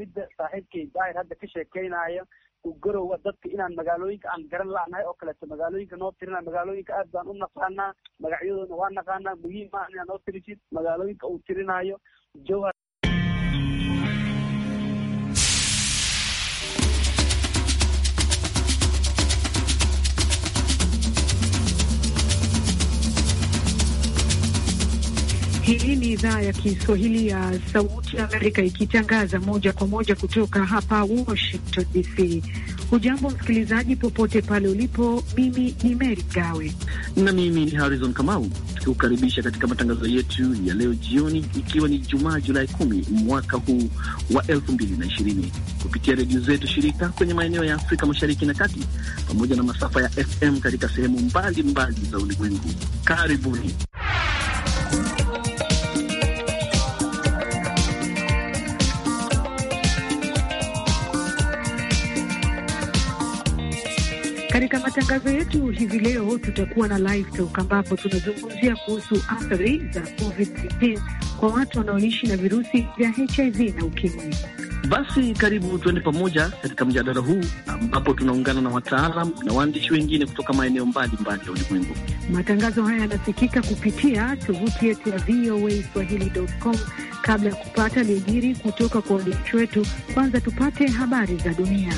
midda saaxiibkay daahir hadda ka sheekeynaayo u garowa dadka inaan magaalooyinka aan garan la-nahay oo kaleeto magaalooyinka noo tirina magaalooyinka aad baan u naqaanaa magacyadoodna waa naqaanaa muhiim maaha inaa noo tirisid magaalooyinka uu tirinaayo jawhar Hii ni idhaa ya Kiswahili ya Sauti ya Amerika ikitangaza moja kwa moja kutoka hapa Washington DC. Hujambo msikilizaji, popote pale ulipo. Mimi ni Meri Mgawe na mimi ni Harrison Kamau, tukiukaribisha katika matangazo yetu ya leo jioni, ikiwa ni Jumaa Julai kumi mwaka huu wa elfu mbili na ishirini kupitia redio zetu shirika kwenye maeneo ya Afrika Mashariki na Kati pamoja na masafa ya FM katika sehemu mbalimbali za ulimwengu. Karibuni. Katika matangazo yetu hivi leo tutakuwa na live talk ambapo tunazungumzia kuhusu athari za COVID-19 kwa watu wanaoishi na virusi vya HIV na ukimwi. Basi karibu tuende pamoja katika mjadala huu ambapo tunaungana na wataalam na waandishi wengine kutoka maeneo mbalimbali ya ulimwengu. Matangazo haya yanasikika kupitia tovuti yetu ya VOA Swahili.com. Kabla ya kupata liajiri kutoka kwa waandishi wetu, kwanza tupate habari za dunia.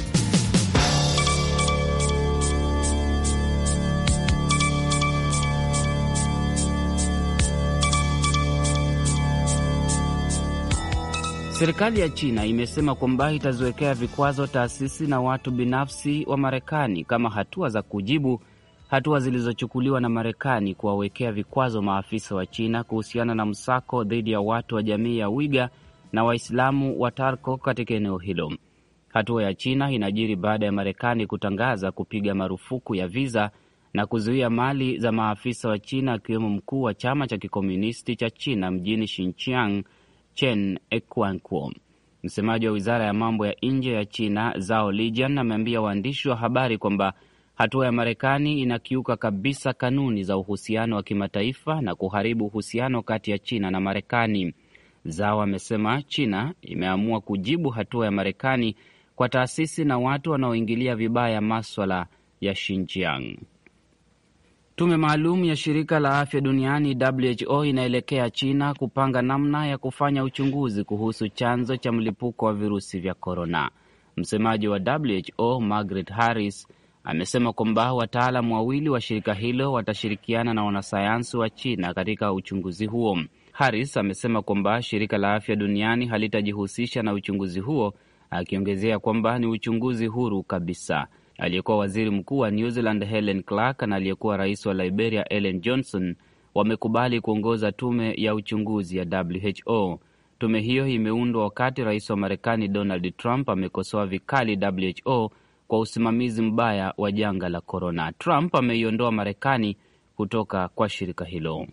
Serikali ya China imesema kwamba itaziwekea vikwazo taasisi na watu binafsi wa Marekani kama hatua za kujibu hatua zilizochukuliwa na Marekani kuwawekea vikwazo maafisa wa China kuhusiana na msako dhidi ya watu wa jamii ya Wiga na Waislamu wa Tarko katika eneo hilo. Hatua ya China inajiri baada ya Marekani kutangaza kupiga marufuku ya viza na kuzuia mali za maafisa wa China akiwemo mkuu wa chama cha kikomunisti cha China mjini Xinjiang Chen Ekwanguo. Msemaji wa wizara ya mambo ya nje ya China zao Lijian ameambia waandishi wa habari kwamba hatua ya Marekani inakiuka kabisa kanuni za uhusiano wa kimataifa na kuharibu uhusiano kati ya China na Marekani. Zao amesema China imeamua kujibu hatua ya Marekani kwa taasisi na watu wanaoingilia vibaya maswala ya Xinjiang. Tume maalum ya shirika la afya duniani WHO inaelekea China kupanga namna ya kufanya uchunguzi kuhusu chanzo cha mlipuko wa virusi vya korona. Msemaji wa WHO Margaret Harris amesema kwamba wataalamu wawili wa shirika hilo watashirikiana na wanasayansi wa China katika uchunguzi huo. Harris amesema kwamba shirika la afya duniani halitajihusisha na uchunguzi huo, akiongezea kwamba ni uchunguzi huru kabisa aliyekuwa waziri mkuu wa New Zealand Helen Clark na aliyekuwa rais wa Liberia Ellen Johnson wamekubali kuongoza tume ya uchunguzi ya WHO. Tume hiyo imeundwa wakati rais wa Marekani Donald Trump amekosoa vikali WHO kwa usimamizi mbaya wa janga la korona. Trump ameiondoa Marekani kutoka kwa shirika hilo.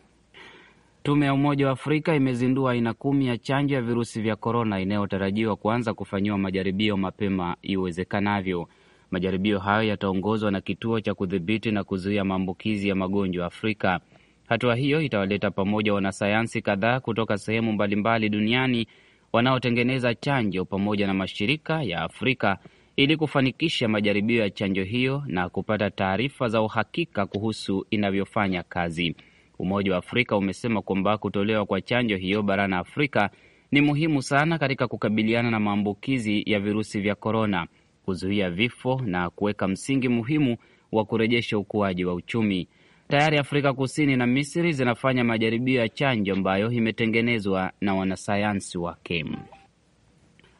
Tume ya Umoja wa Afrika imezindua aina kumi ya chanjo ya virusi vya korona inayotarajiwa kuanza kufanyiwa majaribio mapema iwezekanavyo. Majaribio hayo yataongozwa na kituo cha kudhibiti na kuzuia maambukizi ya magonjwa Afrika. Hatua hiyo itawaleta pamoja wanasayansi kadhaa kutoka sehemu mbalimbali duniani wanaotengeneza chanjo pamoja na mashirika ya Afrika ili kufanikisha majaribio ya chanjo hiyo na kupata taarifa za uhakika kuhusu inavyofanya kazi. Umoja wa Afrika umesema kwamba kutolewa kwa chanjo hiyo barani Afrika ni muhimu sana katika kukabiliana na maambukizi ya virusi vya korona kuzuia vifo na kuweka msingi muhimu wa kurejesha ukuaji wa uchumi. Tayari Afrika Kusini na Misri zinafanya majaribio ya chanjo ambayo imetengenezwa na wanasayansi wake.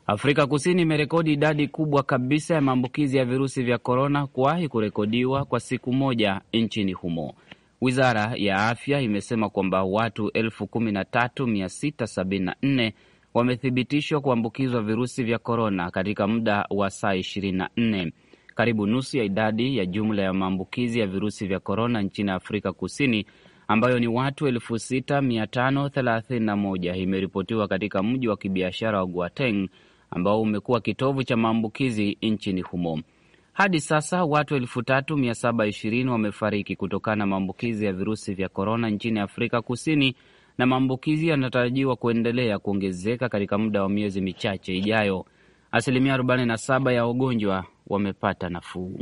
Afrika Kusini imerekodi idadi kubwa kabisa ya maambukizi ya virusi vya korona kuwahi kurekodiwa kwa siku moja nchini humo. Wizara ya afya imesema kwamba watu elfu kumi na tatu mia sita sabini na nne wamethibitishwa kuambukizwa virusi vya korona katika muda wa saa 24. Karibu nusu ya idadi ya jumla ya maambukizi ya virusi vya korona nchini Afrika Kusini, ambayo ni watu 6531 imeripotiwa katika mji wa kibiashara wa Gauteng ambao umekuwa kitovu cha maambukizi nchini humo. Hadi sasa watu 3720 wamefariki kutokana na maambukizi ya virusi vya korona nchini Afrika Kusini, na maambukizi yanatarajiwa kuendelea kuongezeka katika muda wa miezi michache ijayo. Asilimia 47 ya wagonjwa wamepata nafuu.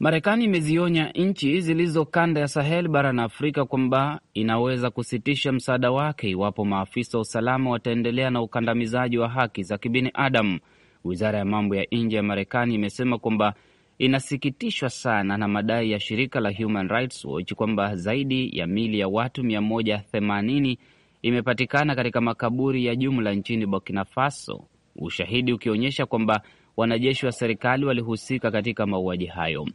Marekani imezionya nchi zilizo kanda ya Sahel barani Afrika kwamba inaweza kusitisha msaada wake iwapo maafisa wa usalama wataendelea na ukandamizaji wa haki za kibinadamu. Wizara ya mambo ya nje ya Marekani imesema kwamba inasikitishwa sana na madai ya shirika la Human Rights Watch kwamba zaidi ya mili ya watu 180 imepatikana katika makaburi ya jumla nchini Burkina Faso, ushahidi ukionyesha kwamba wanajeshi wa serikali walihusika katika mauaji hayo.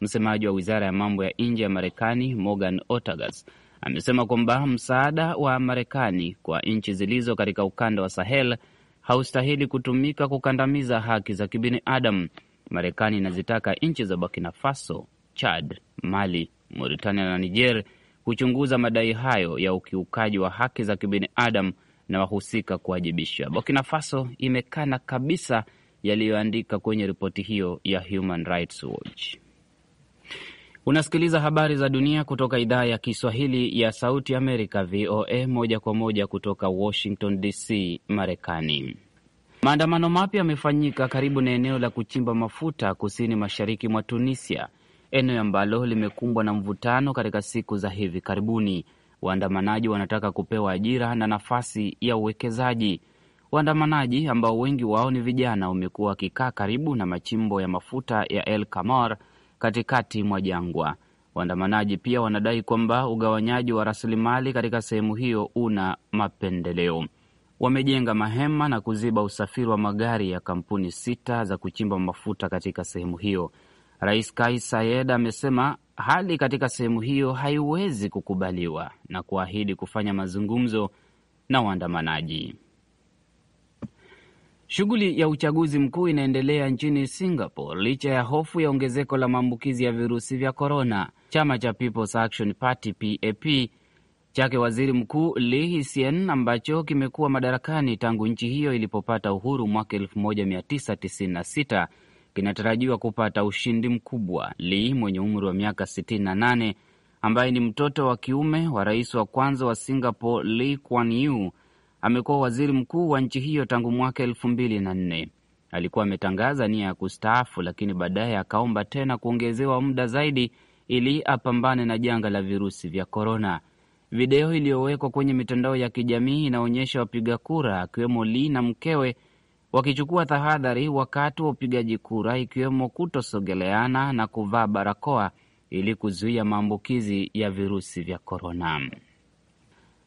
Msemaji wa wizara ya mambo ya nje ya Marekani Morgan Otagas amesema kwamba msaada wa Marekani kwa nchi zilizo katika ukanda wa Sahel haustahili kutumika kukandamiza haki za kibinadamu. Marekani inazitaka nchi za Burkina Faso, Chad, Mali, Mauritania na Niger kuchunguza madai hayo ya ukiukaji wa haki za kibinadamu na wahusika kuwajibishwa. Burkina Faso imekana kabisa yaliyoandika kwenye ripoti hiyo ya Human Rights Watch. Unasikiliza habari za dunia kutoka idhaa ya Kiswahili ya Sauti Amerika, VOA, moja kwa moja kutoka Washington DC, Marekani. Maandamano mapya yamefanyika karibu na eneo la kuchimba mafuta kusini mashariki mwa Tunisia, eneo ambalo limekumbwa na mvutano katika siku za hivi karibuni. Waandamanaji wanataka kupewa ajira na nafasi ya uwekezaji. Waandamanaji ambao wengi wao ni vijana wamekuwa wakikaa karibu na machimbo ya mafuta ya El Kamar katikati mwa jangwa. Waandamanaji pia wanadai kwamba ugawanyaji wa rasilimali katika sehemu hiyo una mapendeleo wamejenga mahema na kuziba usafiri wa magari ya kampuni sita za kuchimba mafuta katika sehemu hiyo. Rais Kais Saied amesema hali katika sehemu hiyo haiwezi kukubaliwa na kuahidi kufanya mazungumzo na waandamanaji. Shughuli ya uchaguzi mkuu inaendelea nchini Singapore licha ya hofu ya ongezeko la maambukizi ya virusi vya korona. Chama cha People's Action Party PAP chake Waziri Mkuu Lee Hsien ambacho kimekuwa madarakani tangu nchi hiyo ilipopata uhuru mwaka 1996 kinatarajiwa kupata ushindi mkubwa. Lee mwenye umri wa miaka 68 ambaye ni mtoto wa kiume wa rais wa kwanza wa Singapore Lee Kuan Yew amekuwa waziri mkuu wa nchi hiyo tangu mwaka 24 Alikuwa ametangaza nia ya kustaafu, lakini baadaye akaomba tena kuongezewa muda zaidi ili apambane na janga la virusi vya korona. Video iliyowekwa kwenye mitandao ya kijamii inaonyesha wapiga kura akiwemo Lee na mkewe wakichukua tahadhari wakati wa upigaji kura, ikiwemo kutosogeleana na kuvaa barakoa ili kuzuia maambukizi ya virusi vya korona.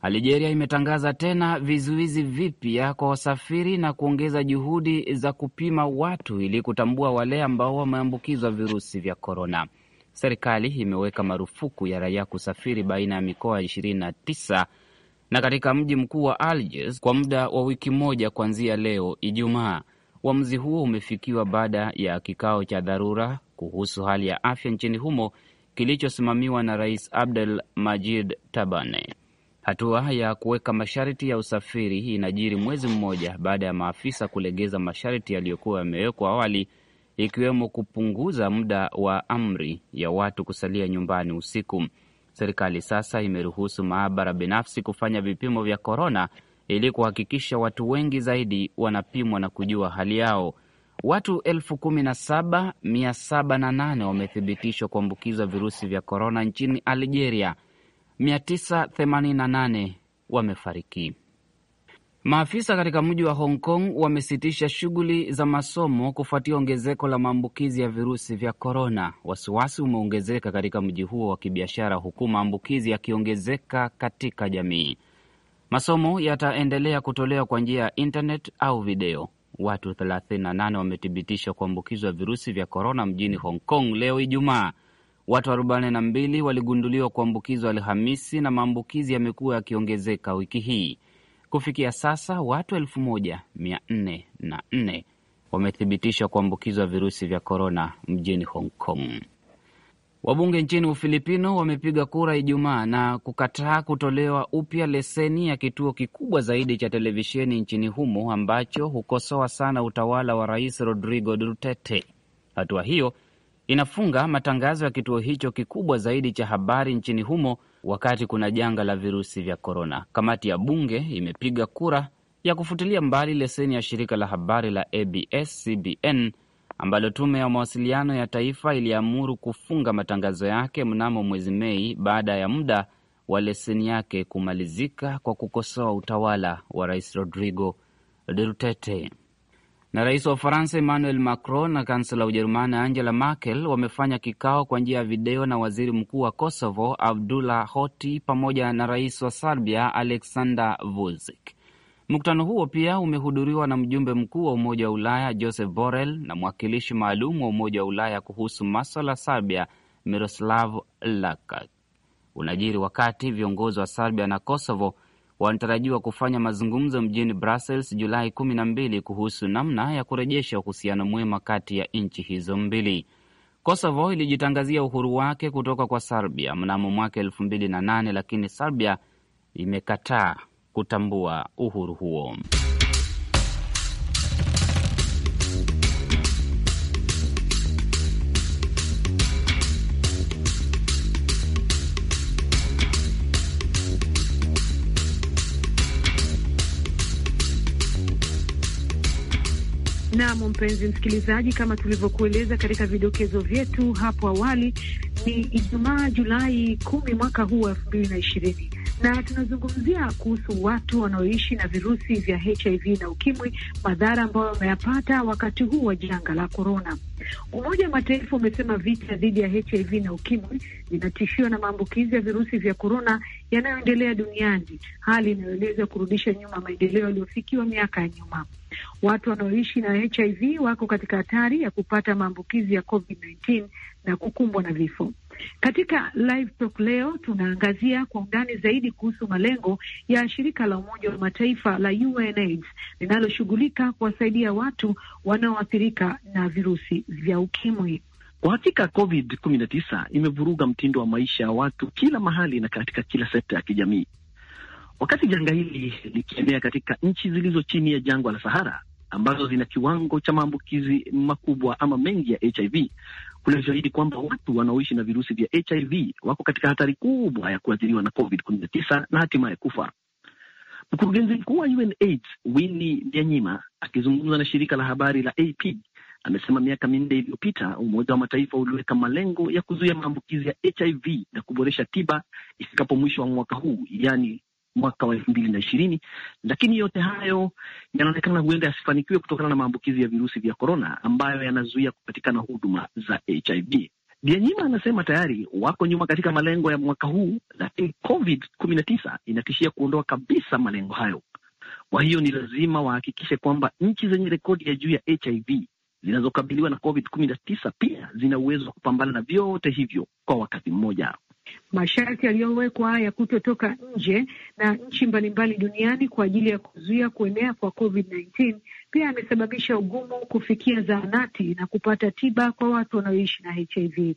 Algeria imetangaza tena vizuizi vipya kwa wasafiri na kuongeza juhudi za kupima watu ili kutambua wale ambao wameambukizwa virusi vya korona serikali imeweka marufuku ya raia kusafiri baina ya mikoa 29 na na katika mji mkuu wa Algiers kwa muda wa wiki moja kuanzia leo Ijumaa. Uamuzi huo umefikiwa baada ya kikao cha dharura kuhusu hali ya afya nchini humo kilichosimamiwa na Rais Abdel Majid Tabane. Hatua ya kuweka masharti ya usafiri inajiri mwezi mmoja baada ya maafisa kulegeza masharti yaliyokuwa yamewekwa awali ikiwemo kupunguza muda wa amri ya watu kusalia nyumbani usiku. Serikali sasa imeruhusu maabara binafsi kufanya vipimo vya korona ili kuhakikisha watu wengi zaidi wanapimwa na kujua hali yao. Watu elfu kumi na saba mia saba na nane wamethibitishwa kuambukizwa virusi vya korona nchini Algeria, 988 wamefariki. Maafisa katika mji wa Hong Kong wamesitisha shughuli za masomo kufuatia ongezeko la maambukizi ya virusi vya korona. Wasiwasi umeongezeka katika mji huo wa kibiashara, huku maambukizi yakiongezeka katika jamii. Masomo yataendelea kutolewa kwa njia ya intnet au video. Watu 38 wamethibitishwa kuambukizwa virusi vya korona mjini Hong Kong leo Ijumaa. Watu 42 waligunduliwa kuambukizwa Alhamisi, na maambukizi yamekuwa yakiongezeka wiki hii. Kufikia sasa watu elfu moja mia nne na nne wamethibitishwa kuambukizwa virusi vya korona mjini Hong Kong. Wabunge nchini Ufilipino wamepiga kura Ijumaa na kukataa kutolewa upya leseni ya kituo kikubwa zaidi cha televisheni nchini humo ambacho hukosoa sana utawala wa Rais Rodrigo Duterte. Hatua hiyo inafunga matangazo ya kituo hicho kikubwa zaidi cha habari nchini humo wakati kuna janga la virusi vya korona. Kamati ya bunge imepiga kura ya kufutilia mbali leseni ya shirika la habari la ABS CBN ambalo tume ya mawasiliano ya taifa iliamuru kufunga matangazo yake mnamo mwezi Mei baada ya muda wa leseni yake kumalizika kwa kukosoa utawala wa Rais Rodrigo Duterte na rais wa Ufaransa Emmanuel Macron na kansela wa Ujerumani Angela Merkel wamefanya kikao kwa njia ya video na waziri mkuu wa Kosovo Abdullah Hoti pamoja na rais wa Serbia Aleksandar Vucic. Mkutano huo pia umehudhuriwa na mjumbe mkuu wa Umoja wa Ulaya Joseph Borrell na mwakilishi maalum wa Umoja wa Ulaya kuhusu maswala ya Serbia Miroslav Lajcak. Unajiri wakati viongozi wa Serbia na Kosovo wanatarajiwa kufanya mazungumzo mjini Brussels Julai kumi na mbili kuhusu namna ya kurejesha uhusiano mwema kati ya nchi hizo mbili. Kosovo ilijitangazia uhuru wake kutoka kwa Serbia mnamo mwaka elfu mbili na nane lakini Serbia imekataa kutambua uhuru huo. Nam, mpenzi msikilizaji, kama tulivyokueleza katika vidokezo vyetu hapo awali, ni Ijumaa Julai kumi mwaka huu wa elfu mbili na ishirini na tunazungumzia kuhusu watu wanaoishi na virusi vya HIV na UKIMWI, madhara ambayo wameyapata wakati huu wa janga la korona. Umoja wa Mataifa umesema vita dhidi ya HIV na UKIMWI vinatishiwa na maambukizi ya virusi vya korona yanayoendelea duniani, hali inayoeleza kurudisha nyuma maendeleo yaliyofikiwa miaka ya nyuma. Watu wanaoishi na HIV wako katika hatari ya kupata maambukizi ya COVID-19 na kukumbwa na vifo. Katika Live Talk leo tunaangazia kwa undani zaidi kuhusu malengo ya shirika la Umoja wa Mataifa la UNAIDS linaloshughulika kuwasaidia watu wanaoathirika na virusi vya ukimwi. Kwa hakika COVID-19 imevuruga mtindo wa maisha ya watu kila mahali na katika kila sekta ya kijamii. Wakati janga hili likienea katika nchi zilizo chini ya jangwa la Sahara ambazo zina kiwango cha maambukizi makubwa ama mengi ya HIV, kuna ushahidi kwamba watu wanaoishi na virusi vya HIV wako katika hatari kubwa ya kuathiriwa na COVID-19 na hatimaye kufa. Mkurugenzi mkuu wa UNAIDS Winnie Byanyima akizungumza na shirika la habari la AP amesema miaka minne iliyopita Umoja wa Mataifa uliweka malengo ya kuzuia maambukizi ya HIV na kuboresha tiba ifikapo mwisho wa mwaka huu, yani mwaka wa elfu mbili na ishirini, lakini yote hayo yanaonekana huenda yasifanikiwe kutokana na maambukizi ya virusi vya korona ambayo yanazuia kupatikana huduma za HIV. Bianyima anasema tayari wako nyuma katika malengo ya mwaka huu, lakini COVID kumi na tisa inatishia kuondoa kabisa malengo hayo. Kwa hiyo ni lazima wahakikishe kwamba nchi zenye rekodi ya juu ya HIV zinazokabiliwa na COVID kumi na tisa pia zina uwezo wa kupambana na vyote hivyo kwa wakati mmoja masharti yaliyowekwa ya kutotoka nje na nchi mbalimbali duniani kwa ajili ya kuzuia kuenea kwa COVID-19 pia yamesababisha ugumu kufikia zahanati na kupata tiba kwa watu wanaoishi na HIV.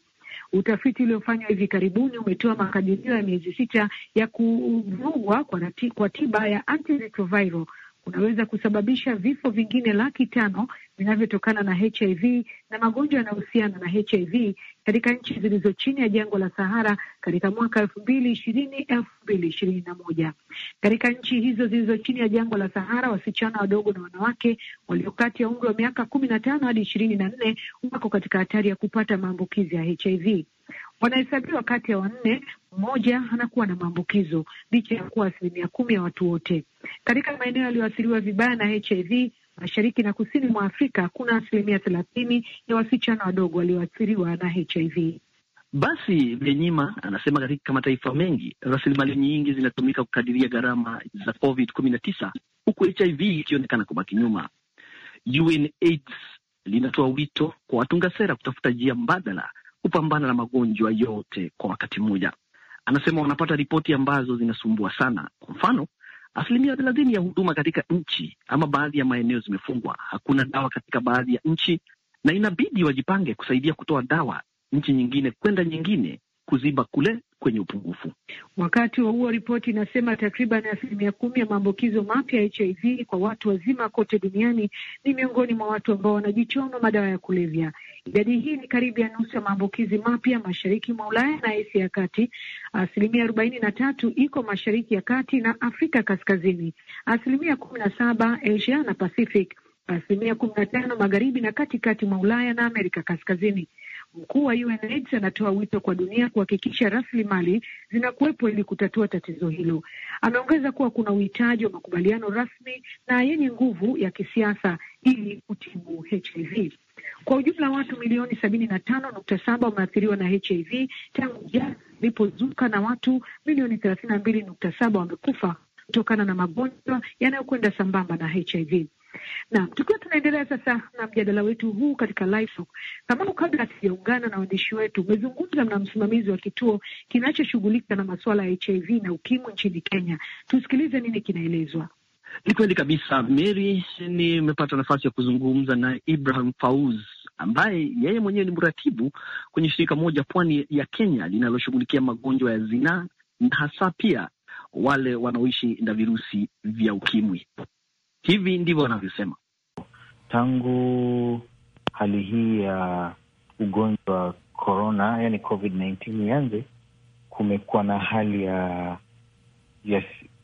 Utafiti uliofanywa hivi karibuni umetoa makadirio ya miezi sita ya kuvugwa kwa, kwa tiba ya antiretroviral unaweza kusababisha vifo vingine laki tano vinavyotokana na HIV na magonjwa yanayohusiana na HIV katika nchi zilizo chini ya jangwa la Sahara katika mwaka elfu mbili ishirini elfu mbili ishirini na moja. Katika nchi hizo zilizo chini ya jangwa la Sahara, wasichana wadogo na wanawake walio kati ya umri wa miaka kumi na tano hadi ishirini na nne wako katika hatari ya kupata maambukizi ya HIV. Wanahesabiwa kati ya wanne mmoja anakuwa na maambukizo, licha ya kuwa asilimia kumi ya watu wote. Katika maeneo yaliyoathiriwa vibaya na HIV, mashariki na kusini mwa Afrika kuna asilimia thelathini ya wasichana wadogo walioathiriwa na HIV. Basi Lenyima anasema katika mataifa mengi rasilimali nyingi zinatumika kukadiria gharama za COVID kumi na tisa huku HIV ikionekana kubaki nyuma. UNAIDS linatoa wito kwa watunga sera kutafuta njia mbadala kupambana na magonjwa yote kwa wakati mmoja. Anasema wanapata ripoti ambazo zinasumbua sana. Kwa mfano, asilimia thelathini ya huduma katika nchi ama baadhi ya maeneo zimefungwa. Hakuna dawa katika baadhi ya nchi, na inabidi wajipange kusaidia kutoa dawa nchi nyingine kwenda nyingine kuziba kule kwenye upungufu. Wakati wa huo, ripoti inasema takriban asilimia kumi ya maambukizo mapya ya HIV kwa watu wazima kote duniani ni miongoni mwa watu ambao wanajichoma madawa ya kulevya. Idadi hii ni karibu ya nusu ya maambukizi mapya mashariki mwa Ulaya na Asia ya kati. Asilimia arobaini na tatu iko mashariki ya kati na Afrika kaskazini, asilimia kumi na saba Asia na Pacific, asilimia kumi na tano magharibi na katikati mwa Ulaya na Amerika kaskazini. Mkuu wa UNAIDS anatoa wito kwa dunia kuhakikisha rasilimali zinakuwepo ili kutatua tatizo hilo. Ameongeza kuwa kuna uhitaji wa makubaliano rasmi na yenye nguvu ya kisiasa ili kutibu HIV. Kwa ujumla watu milioni sabini na tano nukta saba wameathiriwa na HIV tangu jana ilipozuka na watu milioni thelathini na mbili nukta saba wamekufa kutokana na magonjwa yanayokwenda sambamba na HIV. Naam, tukiwa tunaendelea sasa na mjadala wetu huu katika live talk, kama kabla hatujaungana na waandishi wetu, umezungumza na msimamizi wa kituo kinachoshughulika na masuala ya HIV na ukimwi nchini Kenya. Tusikilize nini kinaelezwa. Ni kweli kabisa Mary, nimepata nafasi ya kuzungumza na Ibrahim Fauz ambaye yeye mwenyewe ni mratibu kwenye shirika moja pwani ya Kenya linaloshughulikia magonjwa ya zinaa na hasa pia wale wanaoishi na virusi vya ukimwi. Hivi ndivyo wanavyosema. Tangu hali hii ya ugonjwa wa korona, yani COVID-19 ianze, kumekuwa na hali ya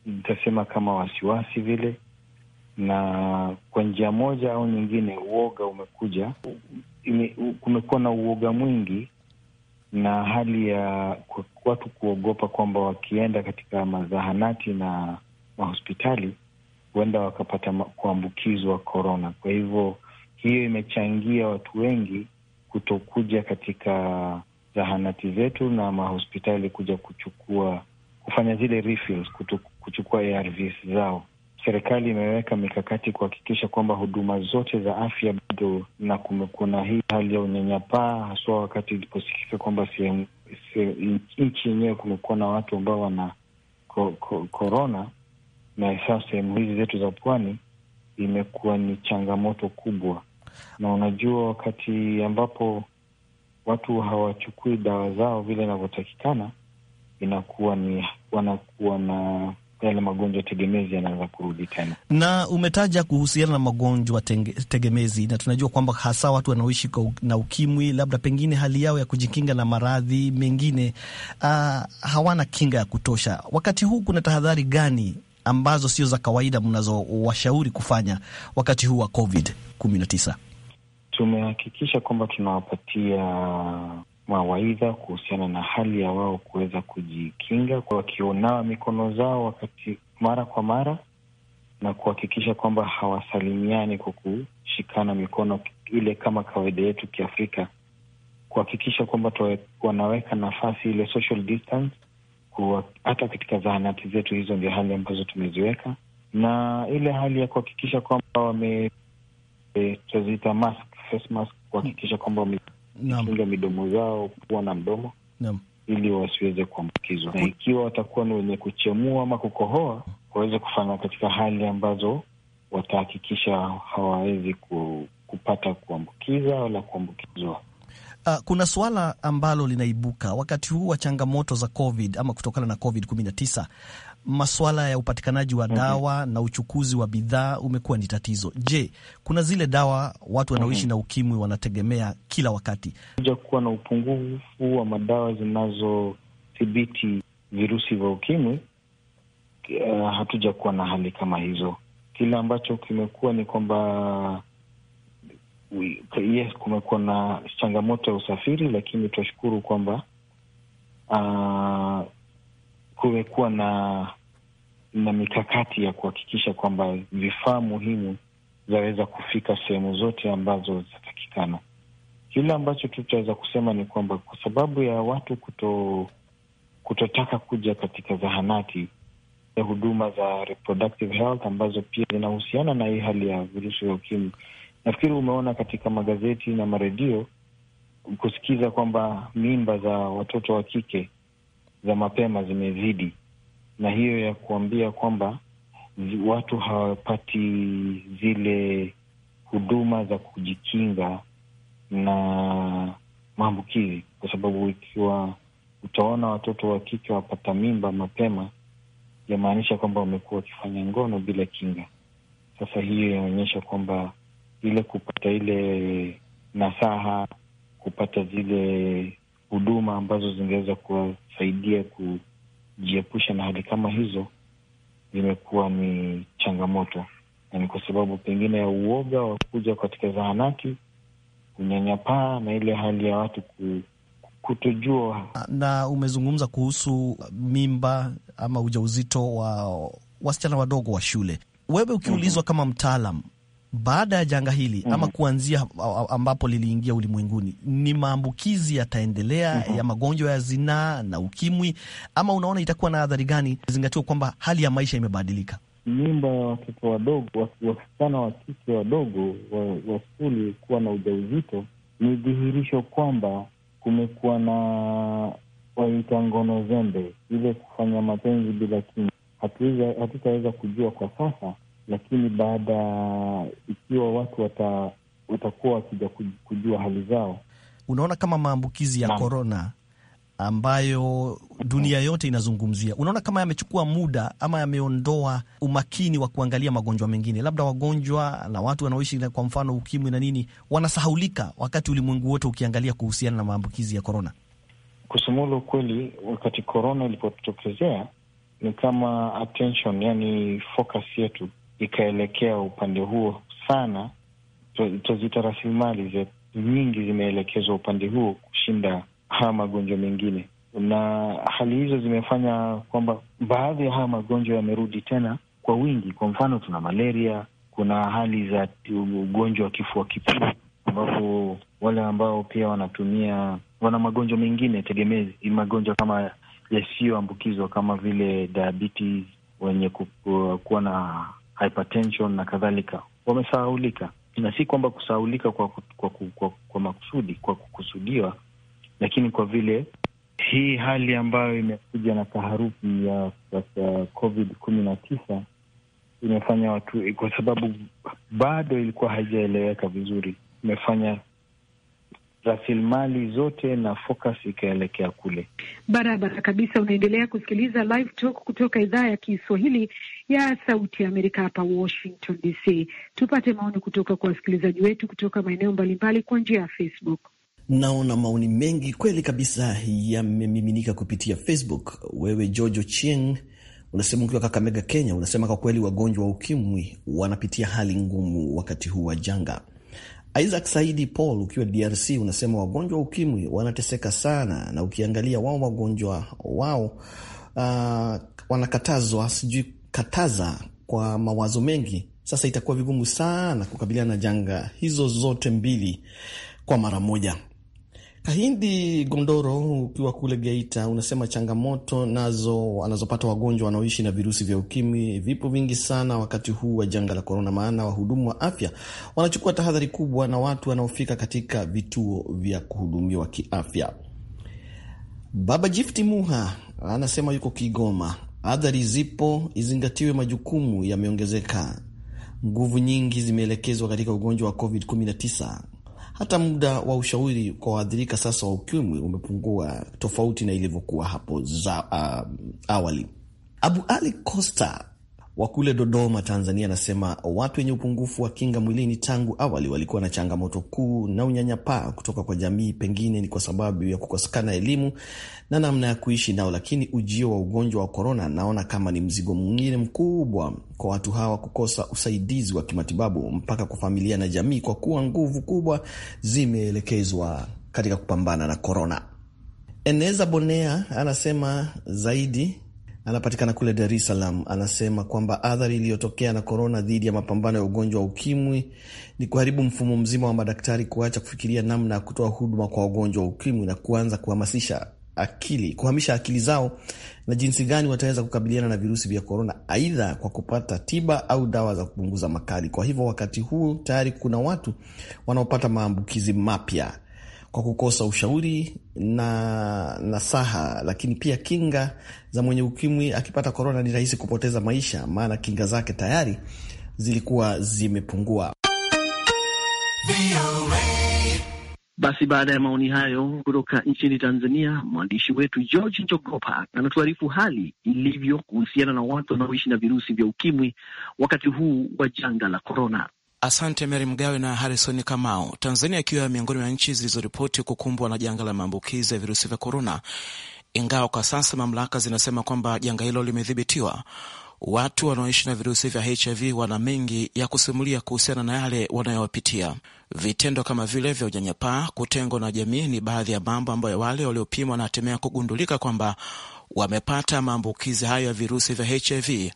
nitasema kama wasiwasi vile, na kwa njia moja au nyingine uoga umekuja kumekuwa na uoga mwingi na hali ya watu kuogopa kwamba wakienda katika mazahanati na mahospitali huenda wakapata kuambukizwa korona. Kwa hivyo hiyo imechangia watu wengi kutokuja katika zahanati zetu na mahospitali kuja kuchukua kufanya zile refills, kutu, kuchukua ARVs zao. Serikali imeweka mikakati kuhakikisha kwamba huduma zote za afya bado, na kumekuwa na hii hali ya unyanyapaa, haswa wakati iliposikika kwamba nchi yenyewe kumekuwa na watu ambao wana korona ko, na hasa sehemu hizi zetu za pwani imekuwa ni changamoto kubwa, na unajua, wakati ambapo watu hawachukui dawa zao vile inavyotakikana, inakuwa ni wanakuwa na yale magonjwa tegemezi yanaweza kurudi tena. Na umetaja kuhusiana na magonjwa tegemezi, na tunajua kwamba hasa watu wanaoishi na ukimwi, labda pengine hali yao ya kujikinga na maradhi mengine, uh, hawana kinga ya kutosha. Wakati huu kuna tahadhari gani ambazo sio za kawaida mnazowashauri kufanya wakati huu wa COVID 19? Tumehakikisha kwamba tunawapatia mawaidha kuhusiana na hali ya wao kuweza kujikinga, wakionawa mikono zao wakati mara kwa mara na kuhakikisha kwamba hawasalimiani kwa kushikana mikono ile kama kawaida yetu Kiafrika, kuhakikisha kwamba wanaweka nafasi ile social distance hata katika zahanati zetu. Hizo ndio hali ambazo tumeziweka, na ile hali ya kuhakikisha kwamba wame eh, mask, face mask, kuhakikisha kwamba wamefunga midomo zao, kuwa na mdomo Naam. ili wasiweze kuambukizwa, na ikiwa watakuwa ni wenye kuchemua ama kukohoa waweze kufanya katika hali ambazo watahakikisha hawawezi kupata kuambukiza wala kuambukizwa. Uh, kuna suala ambalo linaibuka wakati huu wa changamoto za COVID ama kutokana na COVID 19 maswala ya upatikanaji wa mhm. dawa mm -hmm. na uchukuzi wa bidhaa umekuwa ni tatizo. Je, kuna zile dawa watu wanaoishi mm -hmm. na ukimwi wanategemea kila wakati kuja kuwa na upungufu wa madawa zinazothibiti virusi vya ukimwi. Uh, hatuja kuwa na hali kama hizo. Kile ambacho kimekuwa ni kwamba yes, kumekuwa na changamoto ya usafiri, lakini tunashukuru kwamba uh, kumekuwa na na mikakati ya kuhakikisha kwamba vifaa muhimu zaweza kufika sehemu zote ambazo zinatakikana Kile ambacho tu tutaweza kusema ni kwamba kwa sababu ya watu kuto kutotaka kuja katika zahanati ya huduma za reproductive health ambazo pia zinahusiana na hii hali ya virusi vya ukimwi Nafikiri umeona katika magazeti na maredio kusikiza kwamba mimba za watoto wa kike za mapema zimezidi, na hiyo ya kuambia kwamba watu hawapati zile huduma za kujikinga na maambukizi, kwa sababu ikiwa utaona watoto wa kike wapata mimba mapema, yamaanisha kwamba wamekuwa wakifanya ngono bila kinga. Sasa hiyo inaonyesha kwamba ile kupata ile nasaha, kupata zile huduma ambazo zingeweza kuwasaidia kujiepusha na hali kama hizo, zimekuwa ni changamoto, na ni kwa sababu pengine ya uoga wa kuja katika zahanati, unyanyapaa na ile hali ya watu ku kutojua. Na umezungumza kuhusu mimba ama ujauzito wa wasichana wadogo wa shule. Wewe ukiulizwa, mm -hmm. kama mtaalam baada ya janga hili mm -hmm. ama mhm. kuanzia ambapo liliingia ulimwenguni, ni maambukizi yataendelea mm -hmm. ya magonjwa ya zinaa na ukimwi, ama unaona itakuwa na adhari gani, zingatiwa kwamba hali ya maisha imebadilika? Mimba ya watoto wadogo, wasichana wa kike wadogo wa skuli kuwa na ujauzito ni dhihirisho kwamba kumekuwa na waita ngono zembe, ile kufanya mapenzi bila kinga. Hatutaweza kujua kwa sasa lakini baada ikiwa watu wata, watakuwa wakija kujua hali zao. Unaona kama maambukizi ya korona ambayo dunia yote inazungumzia, unaona kama yamechukua muda ama yameondoa umakini wa kuangalia magonjwa mengine, labda wagonjwa na watu wanaoishi kwa mfano ukimwi na nini wanasahaulika, wakati ulimwengu wote ukiangalia kuhusiana na maambukizi ya korona. Kusumula ukweli, wakati korona ilipotokezea ni kama attention, yani focus yetu ikaelekea upande huo sana, twazita rasilimali nyingi zimeelekezwa upande huo kushinda haya magonjwa mengine, na hali hizo zimefanya kwamba baadhi ya haya magonjwa yamerudi tena kwa wingi. Kwa mfano, tuna malaria, kuna hali za ugonjwa wa kifua kikuu, ambapo wale ambao pia wanatumia wana magonjwa mengine tegemezi, magonjwa kama yasiyoambukizwa kama vile diabetes, wenye kuwa na hypertension na kadhalika, wamesahaulika. Na si kwamba kusahaulika kwa, kwa, kwa, kwa makusudi, kwa kukusudiwa, lakini kwa vile hii hali ambayo imekuja na taharuki ya COVID kumi na tisa imefanya watu, kwa sababu bado ilikuwa haijaeleweka vizuri, imefanya rasilimali zote na focus ikaelekea kule. Barabara kabisa. Unaendelea kusikiliza Live Talk kutoka idhaa ya Kiswahili ya Sauti ya Amerika hapa Washington DC. Tupate maoni kutoka kwa wasikilizaji wetu kutoka maeneo mbalimbali kwa njia ya Facebook. Naona maoni mengi kweli kabisa yamemiminika kupitia Facebook. Wewe Jojo Chieng unasema ukiwa Kakamega, Kenya, unasema kwa kweli wagonjwa wa ukimwi wanapitia hali ngumu wakati huu wa janga Isaac Saidi Paul ukiwa DRC unasema wagonjwa wa ukimwi wanateseka sana, na ukiangalia wao wagonjwa wao uh, wanakatazwa sijui kataza kwa mawazo mengi. Sasa itakuwa vigumu sana kukabiliana na janga hizo zote mbili kwa mara moja. Kahindi Gondoro, ukiwa kule Geita, unasema changamoto nazo anazopata wagonjwa wanaoishi na virusi vya ukimwi vipo vingi sana wakati huu wa janga la korona, maana wahudumu wa afya wanachukua tahadhari kubwa na watu wanaofika katika vituo vya kuhudumiwa kiafya. Baba Jifti Muha anasema yuko Kigoma, adhari zipo, izingatiwe, majukumu yameongezeka, nguvu nyingi zimeelekezwa katika ugonjwa wa COVID-19 hata muda wa ushauri kwa waathirika sasa wa ukimwi umepungua tofauti na ilivyokuwa hapo za, uh, awali. Abu Ali Costa wa kule Dodoma, Tanzania, anasema watu wenye upungufu wa kinga mwilini tangu awali walikuwa na changamoto kuu na unyanyapaa kutoka kwa jamii. Pengine ni kwa sababu ya kukosekana elimu na namna ya kuishi nao, lakini ujio wa ugonjwa wa korona naona kama ni mzigo mwingine mkubwa kwa watu hawa, kukosa usaidizi wa kimatibabu mpaka kwa familia na jamii, kwa kuwa nguvu kubwa zimeelekezwa katika kupambana na korona. Eneza Bonea anasema zaidi anapatikana kule Dar es Salaam, anasema kwamba athari iliyotokea na korona dhidi ya mapambano ya ugonjwa wa ukimwi ni kuharibu mfumo mzima wa madaktari kuacha kufikiria namna ya kutoa huduma kwa wagonjwa wa ukimwi na kuanza kuhamasisha akili kuhamisha akili zao na jinsi gani wataweza kukabiliana na virusi vya korona, aidha kwa kupata tiba au dawa za kupunguza makali. Kwa hivyo wakati huu tayari kuna watu wanaopata maambukizi mapya kwa kukosa ushauri na nasaha, lakini pia kinga za mwenye ukimwi akipata korona ni rahisi kupoteza maisha, maana kinga zake tayari zilikuwa zimepungua. Basi baada ya maoni hayo kutoka nchini Tanzania, mwandishi wetu George Njogopa anatuarifu hali ilivyo kuhusiana na watu wanaoishi na virusi vya ukimwi wakati huu wa janga la korona. Asante Mary Mgawe na Harison Kamau. Tanzania ikiwa miongoni mwa nchi zilizoripoti kukumbwa na janga la maambukizi ya virusi vya korona, ingawa kwa sasa mamlaka zinasema kwamba janga hilo limedhibitiwa. Watu wanaoishi na virusi vya HIV wana mengi ya kusimulia kuhusiana na yale wanayowapitia. Vitendo kama vile vya unyanyapaa, kutengwa na jamii ni baadhi ya mambo ambayo wale waliopimwa na hatimaye kugundulika kwamba wamepata maambukizi hayo ya virusi vya HIV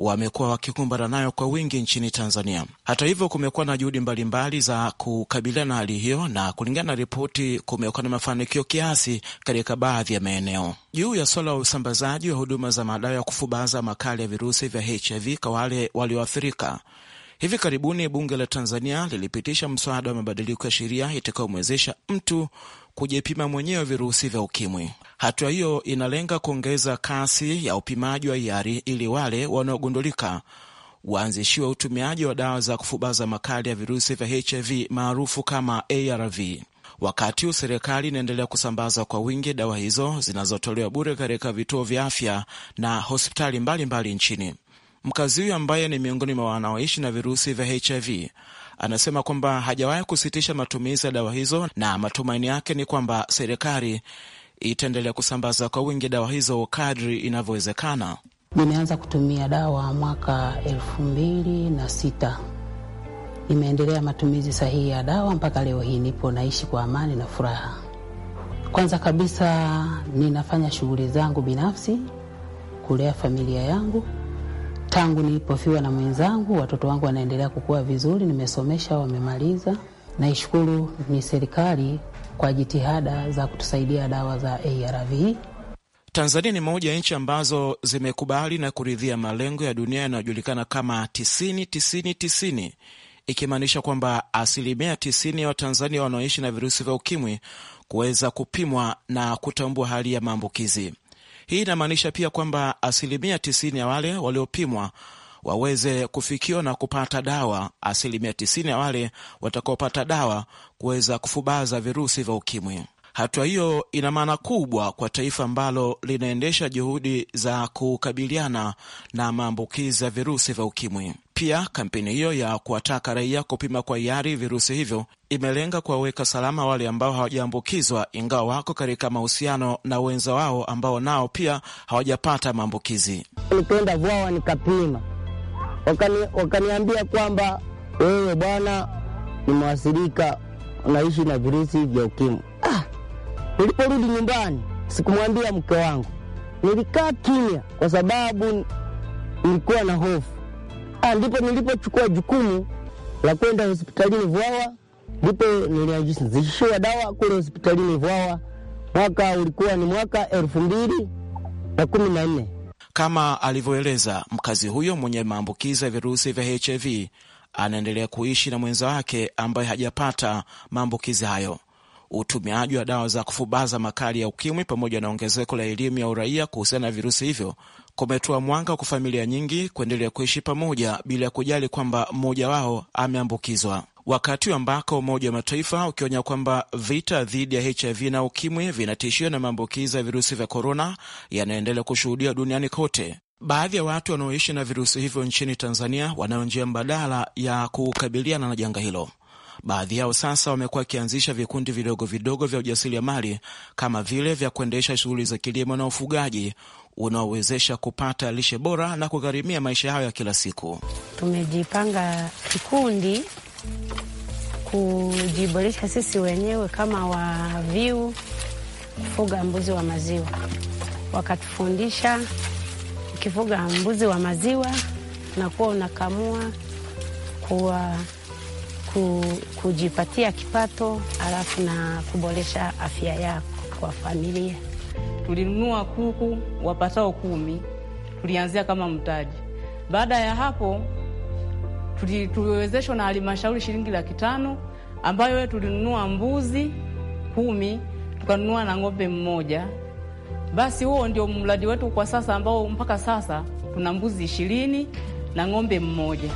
wamekuwa wakikumbana nayo kwa wingi nchini Tanzania. Hata hivyo, kumekuwa na juhudi mbalimbali za kukabiliana na hali hiyo, na kulingana na ripoti, kumekuwa na mafanikio kiasi katika baadhi ya maeneo. Juu ya suala la usambazaji wa huduma za madawa ya kufubaza makali ya virusi vya HIV kwa wale walioathirika Hivi karibuni bunge la Tanzania lilipitisha mswada wa mabadiliko ya sheria itakayomwezesha mtu kujipima mwenyewe virusi vya ukimwi. Hatua hiyo inalenga kuongeza kasi ya upimaji wa hiari ili wale wanaogundulika waanzishiwe utumiaji wa dawa za kufubaza makali ya virusi vya HIV maarufu kama ARV. Wakati huu serikali inaendelea kusambaza kwa wingi dawa hizo zinazotolewa bure katika vituo vya afya na hospitali mbalimbali mbali nchini. Mkazi huyu ambaye ni miongoni mwa wanaoishi na virusi vya HIV anasema kwamba hajawahi kusitisha matumizi ya dawa hizo na matumaini yake ni kwamba serikali itaendelea kusambaza kwa wingi dawa hizo kadri inavyowezekana. Nimeanza kutumia dawa mwaka elfu mbili na sita. Nimeendelea matumizi sahihi ya dawa mpaka leo hii, nipo naishi kwa amani na furaha. Kwanza kabisa, ninafanya shughuli zangu binafsi, kulea familia yangu tangu nilipofiwa na mwenzangu, watoto wangu wanaendelea kukua vizuri, nimesomesha, wamemaliza. Naishukuru ni serikali kwa jitihada za kutusaidia dawa za ARV. Tanzania ni moja ya nchi ambazo zimekubali na kuridhia malengo ya dunia yanayojulikana kama tisini tisini ikimaanisha kwamba asilimia 90 ya Watanzania wanaoishi na virusi vya ukimwi kuweza kupimwa na kutambua hali ya maambukizi. Hii inamaanisha pia kwamba asilimia 90 ya wale waliopimwa waweze kufikiwa na kupata dawa, asilimia 90 ya wale watakaopata dawa kuweza kufubaza virusi vya ukimwi. Hatua hiyo ina maana kubwa kwa taifa ambalo linaendesha juhudi za kukabiliana na maambukizi ya virusi vya ukimwi. Pia kampeni hiyo ya kuwataka raia kupima kwa hiari virusi hivyo imelenga kuwaweka salama wale ambao hawajaambukizwa, ingawa wako katika mahusiano na wenza wao ambao nao pia hawajapata maambukizi. Nikaenda Vwawa nikapima, wakani, wakaniambia kwamba wewe bwana, ni unaishi na virusi vya ukimwi. Ah, Niliporudi nyumbani sikumwambia mke wangu, nilikaa kimya kwa sababu nilikuwa na hofu. Ah, ndipo nilipochukua jukumu la kwenda hospitalini Vwawa, ndipo nilianzishiwa dawa kule hospitalini Vwawa. Mwaka ulikuwa ni mwaka elfu mbili na kumi na nne. Kama alivyoeleza mkazi huyo mwenye maambukizi ya virusi vya HIV, anaendelea kuishi na mwenza wake ambaye hajapata maambukizi hayo utumiaji wa dawa za kufubaza makali ya ukimwi pamoja na ongezeko la elimu ya uraia kuhusiana na virusi hivyo kumetoa mwanga kwa familia nyingi kuendelea kuishi pamoja bila ya kujali kwamba mmoja wao ameambukizwa, wakati ambako Umoja wa Mataifa ukionya kwamba vita dhidi ya HIV na ukimwi vinatishiwa na maambukizi ya virusi vya korona yanaendelea kushuhudiwa duniani kote. Baadhi ya watu wanaoishi na virusi hivyo nchini Tanzania wanayo njia mbadala ya kukabiliana na janga hilo. Baadhi yao sasa wamekuwa wakianzisha vikundi vidogo vidogo vya ujasiriamali kama vile vya kuendesha shughuli za kilimo na ufugaji unaowezesha kupata lishe bora na kugharimia maisha yao ya kila siku. Tumejipanga kikundi kujiboresha sisi wenyewe kama waviu kufuga mbuzi wa maziwa, wakatufundisha ukifuga mbuzi wa maziwa na kuwa unakamua kuwa ku, kujipatia kipato alafu na kuboresha afya yako kwa familia. Tulinunua kuku wapatao kumi, tulianzia kama mtaji. Baada ya hapo tuliwezeshwa na halmashauri shilingi laki tano ambayo tulinunua mbuzi kumi tukanunua na ng'ombe mmoja. Basi huo ndio mradi wetu kwa sasa, ambao mpaka sasa tuna mbuzi ishirini na ng'ombe mmoja.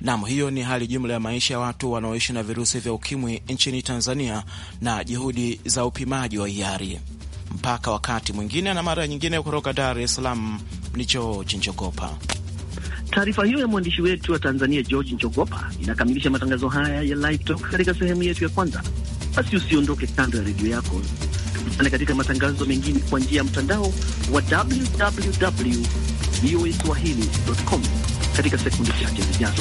Nam, hiyo ni hali jumla ya maisha ya watu wanaoishi na virusi vya ukimwi nchini Tanzania na juhudi za upimaji wa hiari. Mpaka wakati mwingine na mara nyingine, kutoka Dar es Salaam ni George Njogopa. Taarifa hiyo ya mwandishi wetu wa Tanzania George Njogopa inakamilisha matangazo haya ya Live Talk katika sehemu yetu ya kwanza. Basi usiondoke kando ya redio yako, tukutane katika matangazo mengine kwa njia ya mtandao wa www voa katika sekondari yake vijana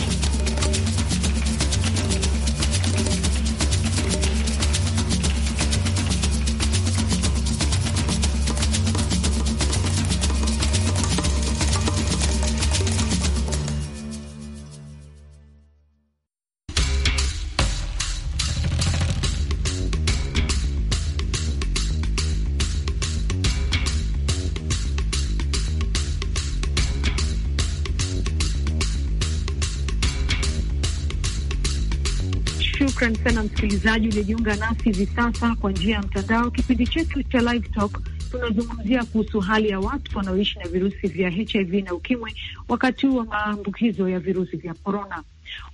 Shukran sana msikilizaji uliojiunga nasi hivi sasa kwa njia ya mtandao. Kipindi chetu cha Live Talk tunazungumzia kuhusu hali ya watu wanaoishi na virusi vya HIV na ukimwi wakati huu wa maambukizo ya virusi vya korona.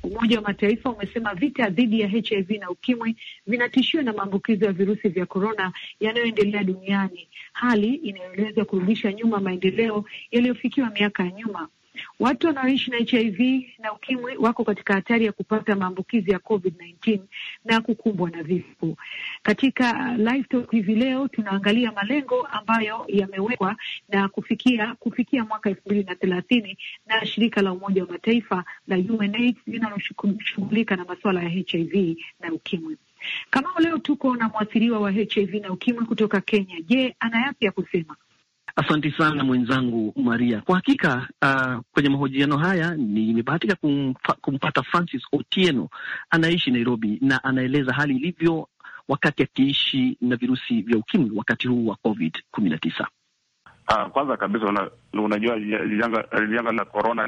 Umoja wa Mataifa umesema vita dhidi ya HIV na ukimwi vinatishiwa na maambukizo ya virusi vya korona yanayoendelea duniani, hali inayoeleza kurudisha nyuma maendeleo yaliyofikiwa miaka ya nyuma. Watu wanaoishi na HIV na ukimwi wako katika hatari ya kupata maambukizi ya COVID-19 na kukumbwa na vifo. Katika live talk hivi leo tunaangalia malengo ambayo yamewekwa na kufikia kufikia mwaka elfu mbili na thelathini na shirika la Umoja wa Mataifa la UNAIDS linaloshughulika na masuala ya HIV na ukimwi. Kama leo tuko na mwathiriwa wa HIV na ukimwi kutoka Kenya. Je, ana yapi ya kusema? Asante sana mwenzangu Maria. Kwa hakika uh, kwenye mahojiano haya nimebahatika kumpa, kumpata Francis Otieno anaishi Nairobi na anaeleza hali ilivyo wakati akiishi na virusi vya ukimwi wakati huu wa COVID kumi na tisa. Uh, kwanza kabisa una, unajua janga la korona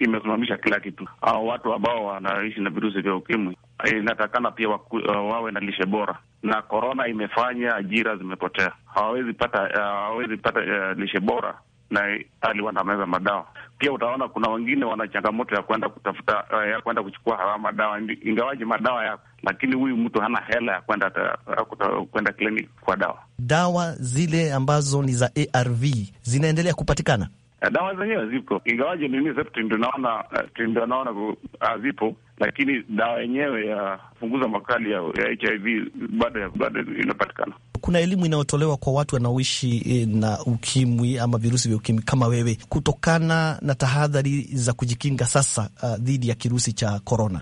imesimamisha kila kitu. Uh, watu ambao wanaishi na virusi vya ukimwi eh, inatakana pia waku, uh, wawe na lishe bora, na korona imefanya ajira zimepotea, hawawezi pata, uh, hawawezi pata uh, lishe bora na hali wanameza meza madawa pia utaona kuna wengine wana changamoto ya kwenda kutafuta uh, ya kwenda kuchukua hawa madawa, ingawaji madawa ya lakini huyu mtu hana hela ya kwenda kwenda kliniki kwa dawa. Dawa zile ambazo ni za ARV zinaendelea kupatikana, eh, dawa zenyewe zipo, ingawaji nini zetu ndio naona eh, ndio naona ah, zipo, lakini dawa yenyewe ya punguza makali ya, ya HIV bado bado inapatikana kuna elimu inayotolewa kwa watu wanaoishi e, na ukimwi ama virusi vya ukimwi kama wewe, kutokana na tahadhari za kujikinga sasa uh, dhidi ya kirusi cha korona?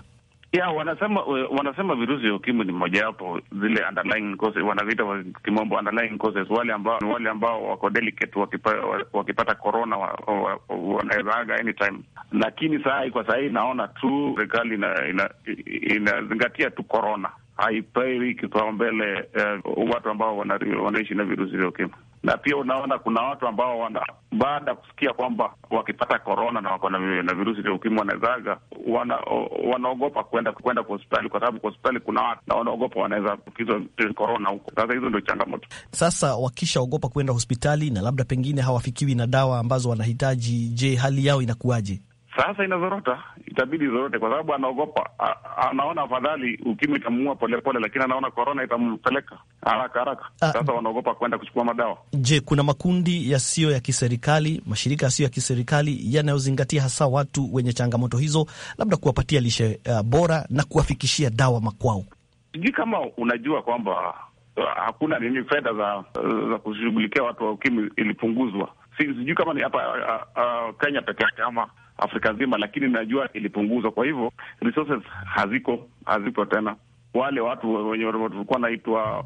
Ya, wanasema wanasema virusi vya ukimwi ni mojawapo zile underlying causes, wanaviita kwa kimombo underlying causes. Wale ambao wale ambao wako delicate wakipa, wakipata corona wanaweza anytime, lakini saa hii kwa saa hii naona tu serikali inazingatia ina, ina, tu corona haipewi kipaumbele uh, watu ambao wanaishi na virusi vya ukimwi na pia unaona kuna watu ambao wana baada ya kusikia kwamba wakipata korona na wako na virusi vya ukimwi wanawezaga wana, wanaogopa kwenda kwenda kwa hospitali kwa sababu kwa hospitali kuna watu na wanaogopa wanaweza ambukizwa korona huko. Sasa hizo ndio changamoto. Sasa wakishaogopa kwenda hospitali na labda pengine hawafikiwi na dawa ambazo wanahitaji, je, hali yao inakuwaje? Sasa inazorota, itabidi zorote kwa sababu anaogopa, anaona afadhali ukimwi itamuua polepole, lakini anaona korona itampeleka haraka haraka. Ah, Sasa wanaogopa kwenda kuchukua madawa. Je, kuna makundi yasiyo ya kiserikali, mashirika yasiyo ya kiserikali yanayozingatia hasa watu wenye changamoto hizo, labda kuwapatia lishe uh, bora na kuwafikishia dawa makwao? Sijui kama unajua kwamba eh, hakuna nini, fedha za za kushughulikia watu wa ukimwi ilipunguzwa. Sijui kama ni hapa eh, Kenya peke yake ama Afrika nzima, lakini najua ilipunguzwa. Kwa hivyo resources haziko haziko tena. Wale watu wenye walikuwa naitwa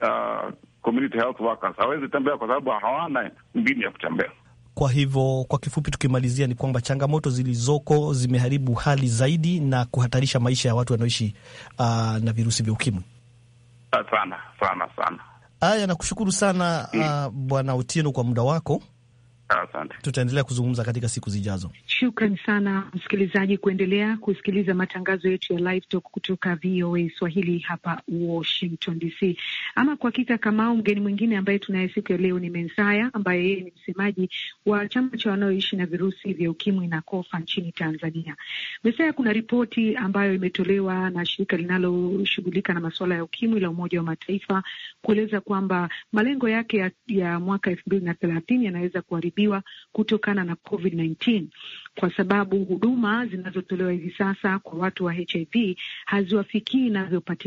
uh, community health workers hawezi tembea kwa sababu hawana mbinu ya kutembea. Kwa hivyo kwa kifupi, tukimalizia ni kwamba changamoto zilizoko zimeharibu hali zaidi na kuhatarisha maisha ya watu wanaoishi uh, na virusi vya ukimwi sana sana sana. Haya, nakushukuru sana mm. uh, Bwana Otieno kwa muda wako. Asante, tutaendelea kuzungumza katika siku zijazo. Shukran sana msikilizaji kuendelea kusikiliza matangazo yetu ya Live Talk kutoka VOA Swahili hapa Washington DC. Ama kwa hakika, Kamau, mgeni mwingine ambaye tunaye siku ya leo ni Mensaya ambaye yeye ni msemaji wa chama cha wanaoishi na virusi vya ukimwi na kofa nchini Tanzania. Mensaya, kuna ripoti ambayo imetolewa na shirika linaloshughulika na masuala ya ukimwi la Umoja wa Mataifa kueleza kwamba malengo yake ya, ya mwaka elfu mbili na thelathini yanaweza kuharibia walioathiriwa kutokana na COVID-19 kwa sababu huduma zinazotolewa hivi sasa kwa watu wa HIV haziwafikii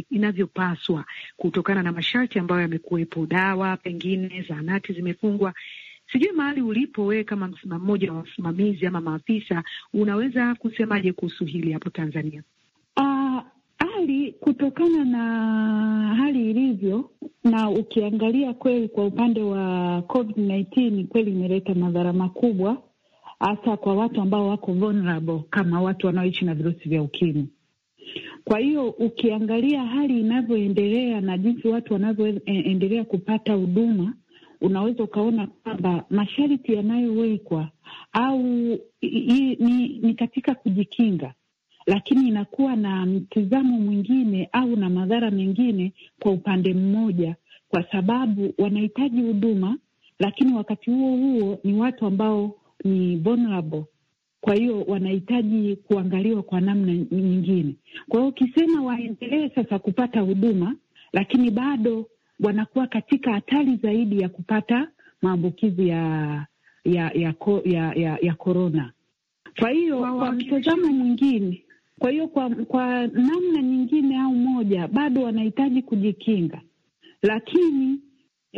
inavyopaswa kutokana na masharti ambayo yamekuwepo. Dawa pengine zahanati zimefungwa. Sijui mahali ulipo wewe, kama mmoja wa wasimamizi ama maafisa, unaweza kusemaje kuhusu hili hapo Tanzania? kweli, kutokana na hali ilivyo, na ukiangalia kweli kwa upande wa COVID-19 kweli imeleta madhara makubwa, hasa kwa watu ambao wako vulnerable kama watu wanaoishi na virusi vya ukimwi. Kwa hiyo ukiangalia hali inavyoendelea na jinsi watu wanavyoendelea kupata huduma, unaweza ukaona kwamba masharti yanayowekwa au i, i, ni, ni katika kujikinga lakini inakuwa na mtizamo mwingine au na madhara mengine kwa upande mmoja, kwa sababu wanahitaji huduma, lakini wakati huo huo ni watu ambao ni vulnerable. Kwa hiyo wanahitaji kuangaliwa kwa namna nyingine. Kwa hiyo ukisema waendelee sasa kupata huduma, lakini bado wanakuwa katika hatari zaidi ya kupata maambukizi ya ya ya ya ya korona. Kwa hiyo kwa mtazamo mwingine kwa hiyo kwa, kwa namna nyingine au moja bado wanahitaji kujikinga, lakini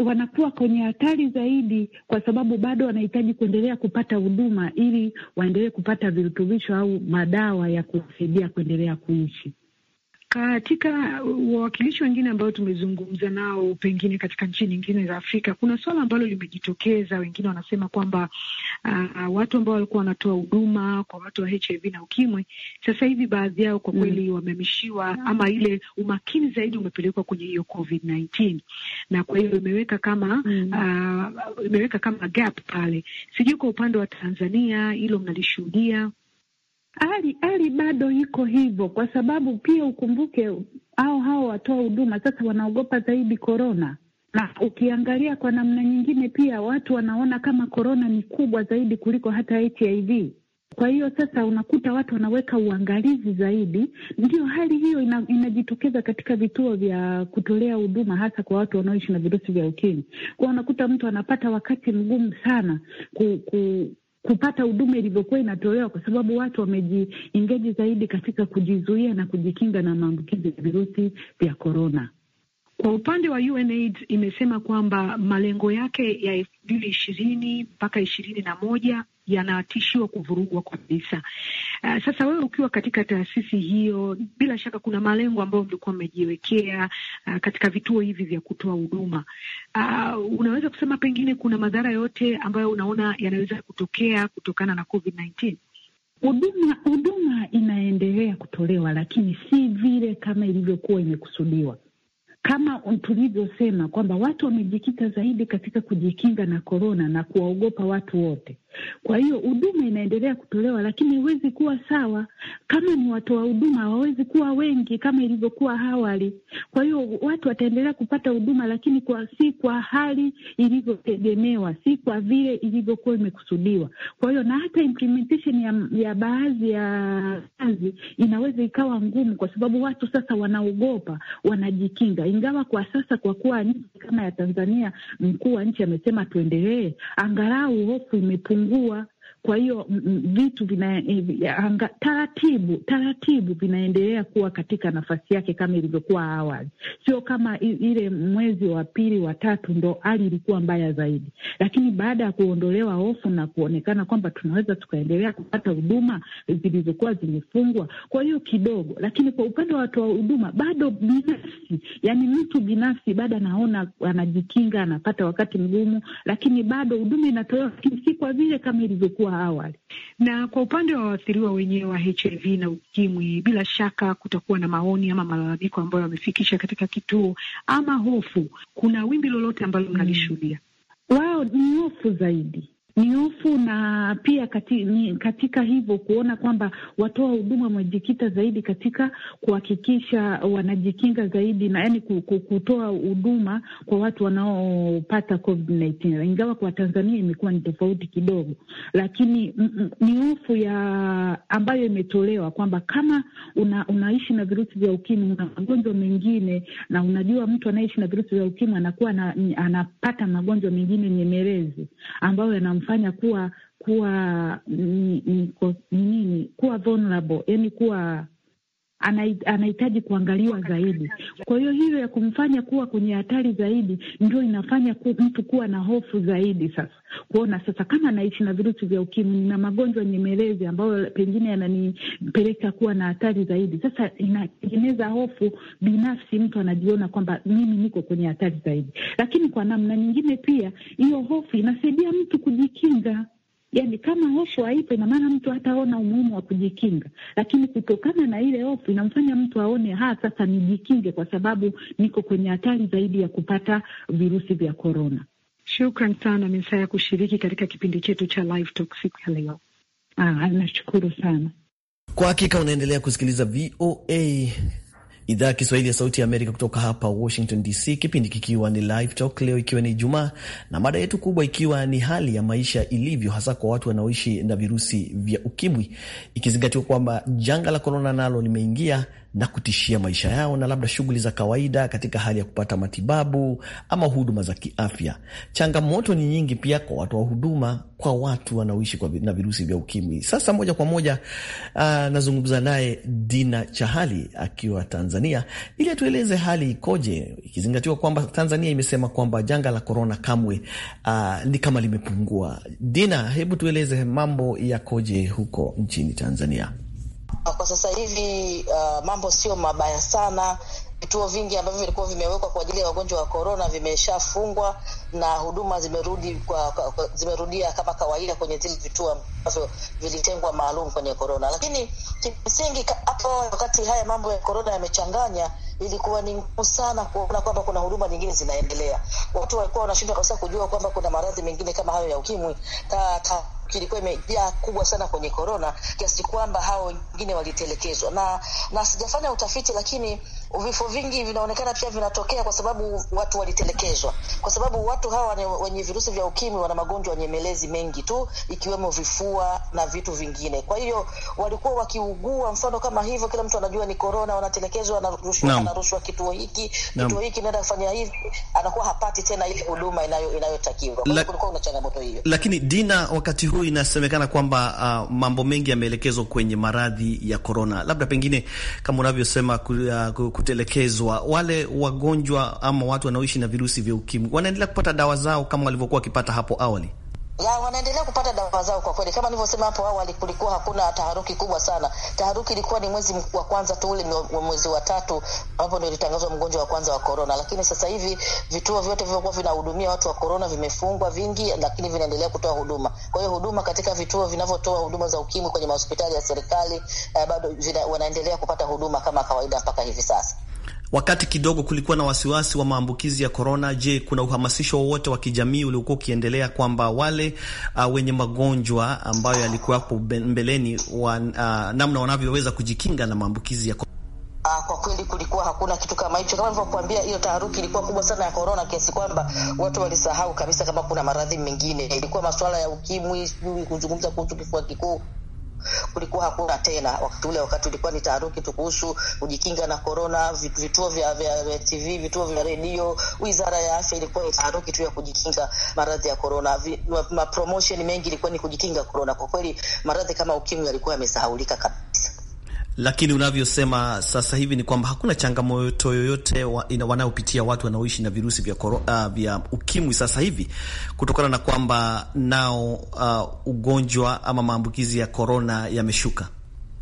wanakuwa kwenye hatari zaidi, kwa sababu bado wanahitaji kuendelea kupata huduma ili waendelee kupata virutubisho au madawa ya kusaidia kuendelea kuishi. Katika wawakilishi wengine ambao tumezungumza nao, pengine katika nchi nyingine za Afrika, kuna swala ambalo limejitokeza. Wengine wanasema kwamba uh, watu ambao walikuwa wanatoa huduma kwa watu wa HIV na ukimwi, sasa hivi baadhi yao kwa kweli mm, wamehamishiwa ama ile umakini zaidi umepelekwa kwenye hiyo COVID 19 na kwa hiyo imeweka kama mm, uh, imeweka kama gap pale. Sijui kwa upande wa Tanzania hilo mnalishuhudia? hali hali bado iko hivyo, kwa sababu pia ukumbuke au hao watoa huduma sasa wanaogopa zaidi korona, na ukiangalia kwa namna nyingine pia watu wanaona kama korona ni kubwa zaidi kuliko hata HIV. Kwa hiyo sasa unakuta watu wanaweka uangalizi zaidi. ndio hali hiyo ina, inajitokeza katika vituo vya kutolea huduma hasa kwa watu wanaoishi na virusi vya ukimwi. Kwa unakuta mtu anapata wakati mgumu sana ku, ku, kupata huduma ilivyokuwa inatolewa, kwa sababu watu wamejiingeji zaidi katika kujizuia na kujikinga na maambukizi ya virusi vya korona. Kwa upande wa UNAIDS imesema kwamba malengo yake ya elfu mbili ishirini mpaka ishirini na moja yanatishiwa kuvurugwa kabisa. Uh, sasa wewe ukiwa katika taasisi hiyo, bila shaka kuna malengo ambayo mlikuwa mmejiwekea uh, katika vituo hivi vya kutoa huduma uh, unaweza kusema pengine kuna madhara yote ambayo unaona yanaweza kutokea kutokana na COVID-19? Huduma huduma inaendelea kutolewa, lakini si vile kama ilivyokuwa imekusudiwa kama tulivyosema kwamba watu wamejikita zaidi katika kujikinga na korona na kuwaogopa watu wote, kwa hiyo huduma inaendelea kutolewa, lakini haiwezi kuwa sawa kama ni watoa huduma hawawezi kuwa wengi kama ilivyokuwa awali. Kwa hiyo watu wataendelea kupata huduma, lakini kwa si kwa hali ilivyotegemewa, si kwa vile ilivyokuwa imekusudiwa. Kwa hiyo na hata implementation ya, ya baadhi ya kazi inaweza ikawa ngumu, kwa sababu watu sasa wanaogopa, wanajikinga, ingawa kwa sasa kwa kuwa nchi kama ya Tanzania, mkuu wa nchi amesema tuendelee, angalau hofu imepungua ا ل م ق Kwa hiyo vitu vina eh, anga, taratibu taratibu vinaendelea kuwa katika nafasi yake kama ilivyokuwa awali, sio kama ile mwezi wa pili wa tatu ndo hali ilikuwa mbaya zaidi, lakini baada ya kuondolewa hofu na kuonekana kwamba tunaweza tukaendelea kupata huduma zilizokuwa zimefungwa, kwa hiyo kidogo. Lakini kwa upande wa watoa huduma bado binafsi, yani mtu binafsi bado anaona anajikinga, anapata wakati mgumu, lakini bado huduma inatolewa, lakini si kwa vile kama ilivyokuwa awali. Na kwa upande wa waathiriwa wenyewe wa HIV na ukimwi, bila shaka kutakuwa na maoni ama malalamiko ambayo wamefikisha katika kituo ama hofu. Kuna wimbi lolote ambalo mm. mnalishuhudia? Wao ni hofu zaidi ni hofu na pia katika, katika hivyo kuona kwamba watoa huduma wamejikita zaidi katika kuhakikisha wanajikinga zaidi na yani kutoa huduma kwa watu wanaopata COVID-19, ingawa kwa Tanzania imekuwa ni tofauti kidogo, lakini ni hofu ya ambayo imetolewa kwamba kama una, unaishi na virusi vya ukimwi, una magonjwa mengine, na unajua mtu anayeishi na virusi vya ukimwi anakuwa na, anapata magonjwa mengine nyemelezi ambayo yanam kumfanya kuwa kuwa mm, mm, nini kuwa vulnerable, yani kuwa anahitaji kuangaliwa zaidi. Kwa hiyo hiyo ya kumfanya kuwa kwenye hatari zaidi ndio inafanya ku, mtu kuwa na hofu zaidi, sasa kuona sasa kama anaishi na virusi vya ukimwi na magonjwa nyemelezi ambayo pengine yananipeleka kuwa na hatari zaidi. Sasa inatengeneza hofu binafsi, mtu anajiona kwamba mimi niko kwenye hatari zaidi, lakini kwa namna nyingine pia hiyo hofu inasaidia mtu kujikinga Yani kama hofu haipo, ina maana mtu hataona umuhimu wa kujikinga, lakini kutokana na ile hofu inamfanya mtu aone ha, sasa nijikinge, kwa sababu niko kwenye hatari zaidi ya kupata virusi vya korona. Shukran sana Mesa ya kushiriki katika kipindi chetu cha Live Talk siku ya leo. Ah, nashukuru sana kwa hakika. Unaendelea kusikiliza VOA idhaa ya Kiswahili ya Sauti ya Amerika kutoka hapa Washington DC, kipindi kikiwa ni Live Talk, leo ikiwa ni Ijumaa na mada yetu kubwa ikiwa ni hali ya maisha ilivyo hasa kwa watu wanaoishi na virusi vya ukimwi, ikizingatiwa kwamba janga la korona nalo limeingia na kutishia maisha yao na labda shughuli za kawaida katika hali ya kupata matibabu ama huduma za kiafya. Changamoto ni nyingi pia kwa watoa wa huduma kwa watu wanaoishi na virusi vya ukimwi. Sasa moja kwa moja uh, nazungumza naye Dina Chahali akiwa Tanzania ili atueleze hali ikoje, ikizingatiwa kwamba Tanzania imesema kwamba janga la korona kamwe uh, ni kama limepungua. Dina, hebu tueleze mambo yakoje huko nchini Tanzania? Ah, kwa sasa hivi uh, mambo sio mabaya sana. Vituo vingi ambavyo vilikuwa vimewekwa kwa ajili ya wagonjwa wa korona vimeshafungwa na huduma zimerudi kwa, kwa, kwa, zimerudia kama kawaida kwenye zile vituo ambavyo vilitengwa maalum kwenye korona. Lakini kimsingi hapo, wakati haya mambo ya korona yamechanganya, ilikuwa ni ngumu sana kuona kwamba kuna huduma nyingine zinaendelea. Watu walikuwa wanashindwa kabisa kujua kwamba kuna maradhi mengine kama hayo ya ukimwi ta, ta kilikuwa imejaa kubwa sana kwenye korona kiasi kwamba hao wengine walitelekezwa, na na sijafanya utafiti, lakini vifo vingi vinaonekana pia vinatokea kwa sababu watu walitelekezwa, kwa sababu watu watu hawa wenye virusi vya ukimwi wana magonjwa nyemelezi mengi tu ikiwemo vifua na vitu vingine. Kwa hiyo walikuwa wakiugua mfano kama hivyo, kila mtu anajua ni korona, wanatelekezwa, na rushwa no. anarushwa kituo hiki no. kituo hiki naenda kufanya hivi, anakuwa hapati tena ile huduma inayo inayotakiwa. kulikuwa kuna changamoto hiyo, lakini Dina, wakati huu inasemekana kwamba uh, mambo mengi yameelekezwa kwenye maradhi ya korona, labda pengine kama unavyosema ah, kutelekezwa, wale wagonjwa ama watu wanaoishi na virusi vya ukimwi wanaendelea kupata dawa zao kama walivyokuwa wakipata hapo awali? Ya, wanaendelea kupata dawa zao kwa kweli. Kama nilivyosema hapo awali, kulikuwa hakuna taharuki kubwa sana. Taharuki ilikuwa ni mwezi wa kwanza tu, ule mwezi wa tatu ambapo ndio ilitangazwa mgonjwa wa kwanza wa korona, lakini sasa hivi vituo vyote vilivyokuwa vinahudumia watu wa korona vimefungwa vingi, lakini vinaendelea kutoa huduma. Kwa hiyo huduma katika vituo vinavyotoa huduma za ukimwi kwenye mahospitali ya serikali eh, bado vina, wanaendelea kupata huduma kama kawaida mpaka hivi sasa. Wakati kidogo kulikuwa na wasiwasi wa maambukizi ya korona, je, kuna uhamasisho wowote wa kijamii uliokuwa ukiendelea kwamba wale uh, wenye magonjwa ambayo yalikuwa mbeleni wa, uh, namna wanavyoweza kujikinga na maambukizi ya korona? Ah, kwa kweli kulikuwa hakuna kitu kama hicho. Kama nilivyokuambia, hiyo taharuki ilikuwa kubwa sana ya korona, kiasi kwamba watu walisahau kabisa kama kuna maradhi mengine. Ilikuwa masuala ya ukimwi, sijui kuzungumza kuhusu kifua kikuu kulikuwa hakuna tena wakati ule, wakati ulikuwa ni taharuki tu kuhusu kujikinga na korona. Vituo vya, vya, vya TV, vituo vya redio, wizara ya afya ilikuwa ni taharuki tu ya kujikinga maradhi ya korona. Mapromotion mengi ilikuwa ni kujikinga korona. Kwa kweli maradhi kama ukimwi yalikuwa yamesahaulika kabisa. Lakini unavyosema sasa hivi ni kwamba hakuna changamoto yoyote wa, wanaopitia watu wanaoishi na virusi vya, koro, uh, vya ukimwi sasa hivi kutokana na kwamba nao uh, ugonjwa ama maambukizi ya korona yameshuka.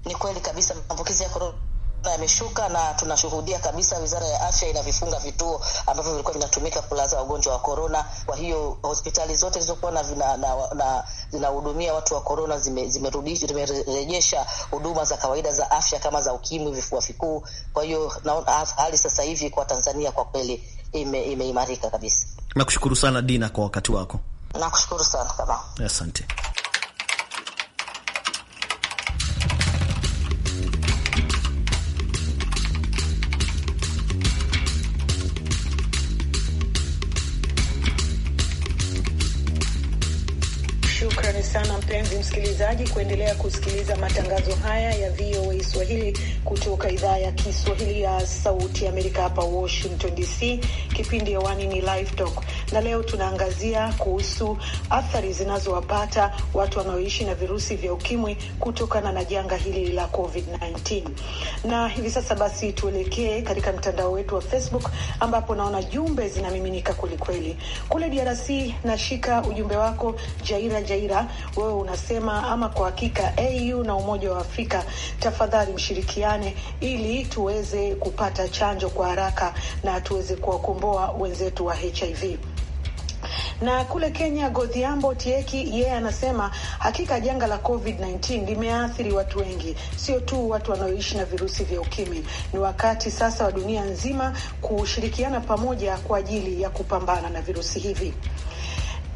Ni kweli kabisa, maambukizi ya korona yameshuka na tunashuhudia kabisa wizara ya afya inavifunga vituo ambavyo vilikuwa vinatumika kulaza wagonjwa wa korona. Kwa hiyo hospitali zote zilizokuwa na zinahudumia watu wa korona zimerejesha zime zime huduma za kawaida za afya kama za ukimwi, vifua vikuu. Kwa hiyo naona hali sasa hivi kwa Tanzania kwa kweli imeimarika ime kabisa. Nakushukuru sana Dina kwa wakati wako. Nakushukuru sana kama asante. mpenzi msikilizaji, kuendelea kusikiliza matangazo haya ya VOA Swahili kutoka idhaa ya Kiswahili ya Sauti Amerika hapa Washington DC. Kipindi hewani ni Live Talk na leo tunaangazia kuhusu athari zinazowapata watu wanaoishi na virusi vya ukimwi kutokana na janga hili la COVID-19. Na hivi sasa basi tuelekee katika mtandao wetu wa Facebook ambapo naona jumbe zinamiminika kwelikweli. Kule DRC nashika ujumbe wako Jaira Jaira, wewe unasema ama kwa hakika AU na Umoja wa Afrika tafadhali mshirikiane ili tuweze kupata chanjo kwa haraka na tuweze kuwakomboa wenzetu wa HIV. Na kule Kenya, Godhiambo tieki yeye yeah, anasema hakika janga la COVID-19 limeathiri watu wengi, sio tu watu wanaoishi na virusi vya ukimwi. Ni wakati sasa wa dunia nzima kushirikiana pamoja kwa ajili ya kupambana na virusi hivi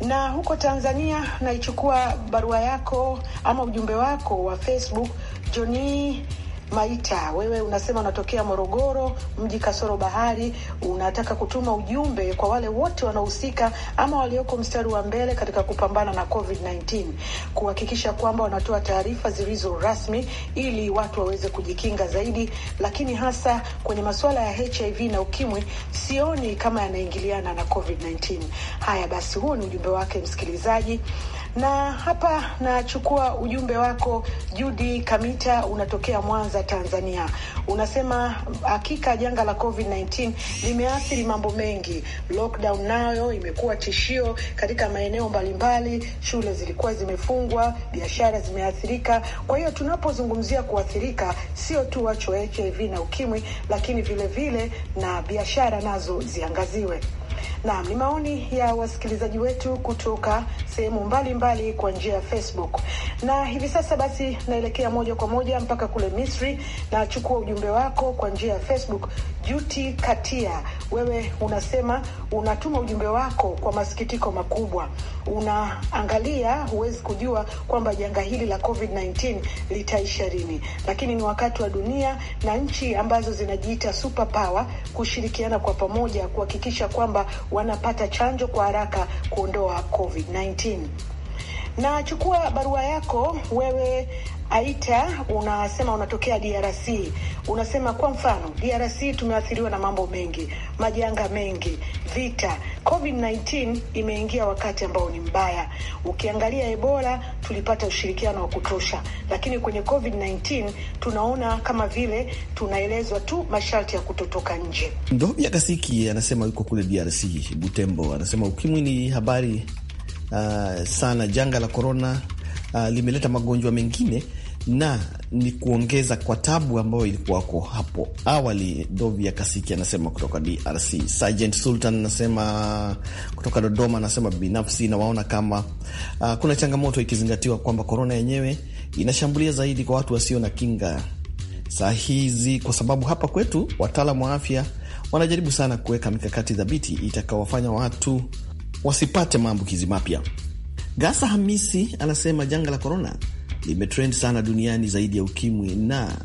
na huko Tanzania naichukua barua yako ama ujumbe wako wa Facebook Joni Maita, wewe unasema unatokea Morogoro, mji kasoro bahari, unataka kutuma ujumbe kwa wale wote wanaohusika ama walioko mstari wa mbele katika kupambana na COVID-19 kuhakikisha kwamba wanatoa taarifa zilizo rasmi ili watu waweze kujikinga zaidi, lakini hasa kwenye masuala ya HIV na ukimwi sioni kama yanaingiliana na COVID-19. Haya basi, huo ni ujumbe wake msikilizaji. Na hapa nachukua ujumbe wako Judi Kamita, unatokea Mwanza, Tanzania. Unasema hakika janga la COVID-19 limeathiri mambo mengi. Lockdown nayo imekuwa tishio katika maeneo mbalimbali, shule zilikuwa zimefungwa, biashara zimeathirika. Kwa hiyo tunapozungumzia kuathirika, sio tu wacho HIV na ukimwi, lakini vilevile vile na biashara nazo ziangaziwe. Naam, ni maoni ya wasikilizaji wetu kutoka sehemu mbalimbali kwa njia ya Facebook. Na hivi sasa basi naelekea moja kwa moja mpaka kule Misri. Nachukua ujumbe wako kwa njia ya Facebook. Juti Katia, wewe unasema unatuma ujumbe wako kwa masikitiko makubwa. Unaangalia, huwezi kujua kwamba janga hili la COVID-19 litaisha lini, lakini ni wakati wa dunia na nchi ambazo zinajiita superpower kushirikiana kwa pamoja kuhakikisha kwamba wanapata chanjo kwa haraka kuondoa COVID-19. Nachukua barua yako wewe Aita, unasema unatokea DRC. Unasema kwa mfano, DRC tumeathiriwa na mambo mengi, majanga mengi, vita. COVID-19 imeingia wakati ambao ni mbaya. Ukiangalia Ebola tulipata ushirikiano wa kutosha, lakini kwenye COVID-19 tunaona kama vile tunaelezwa tu masharti ya kutotoka nje. Ndovya Kasiki anasema yuko kule DRC, Butembo, anasema ukimwi ni habari uh, sana janga la korona uh, limeleta magonjwa mengine na ni kuongeza kwa tabu ambayo ilikuwako hapo awali. ya Kasiki anasema kutoka DRC. Sergeant Sultan anasema kutoka Dodoma, anasema binafsi nawaona kama uh, kuna changamoto ikizingatiwa kwamba korona yenyewe inashambulia zaidi kwa watu wasio na kinga saa hizi, kwa sababu hapa kwetu wataalam wa afya wanajaribu sana kuweka mikakati thabiti itakawafanya watu wasipate maambukizi mapya. Gasa Hamisi anasema janga la korona limetrend sana duniani zaidi ya ukimwi, na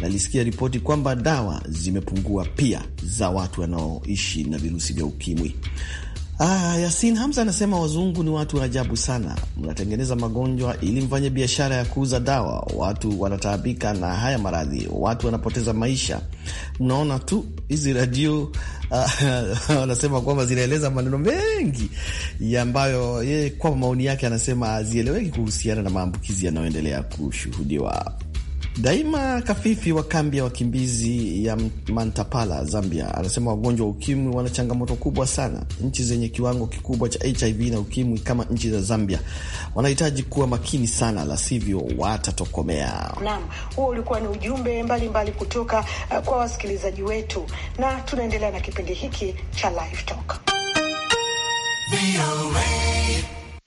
nalisikia ripoti kwamba dawa zimepungua pia za watu wanaoishi na virusi vya ukimwi. Ah, Yasin Hamza anasema wazungu ni watu wa ajabu sana, mnatengeneza magonjwa ili mfanye biashara ya kuuza dawa. Watu wanataabika na haya maradhi, watu wanapoteza maisha. Mnaona tu hizi radio wanasema ah, kwamba zinaeleza maneno mengi ambayo yeye kwa maoni yake anasema hazieleweki kuhusiana na maambukizi yanayoendelea kushuhudiwa Daima Kafifi wa kambi ya wakimbizi ya Mantapala, Zambia, anasema wagonjwa wa ukimwi wana changamoto kubwa sana. Nchi zenye kiwango kikubwa cha HIV na ukimwi kama nchi za Zambia wanahitaji kuwa makini sana, la sivyo watatokomea. Naam, huo ulikuwa ni ujumbe mbalimbali mbali kutoka uh, kwa wasikilizaji wetu, na tunaendelea na kipindi hiki cha Live Talk.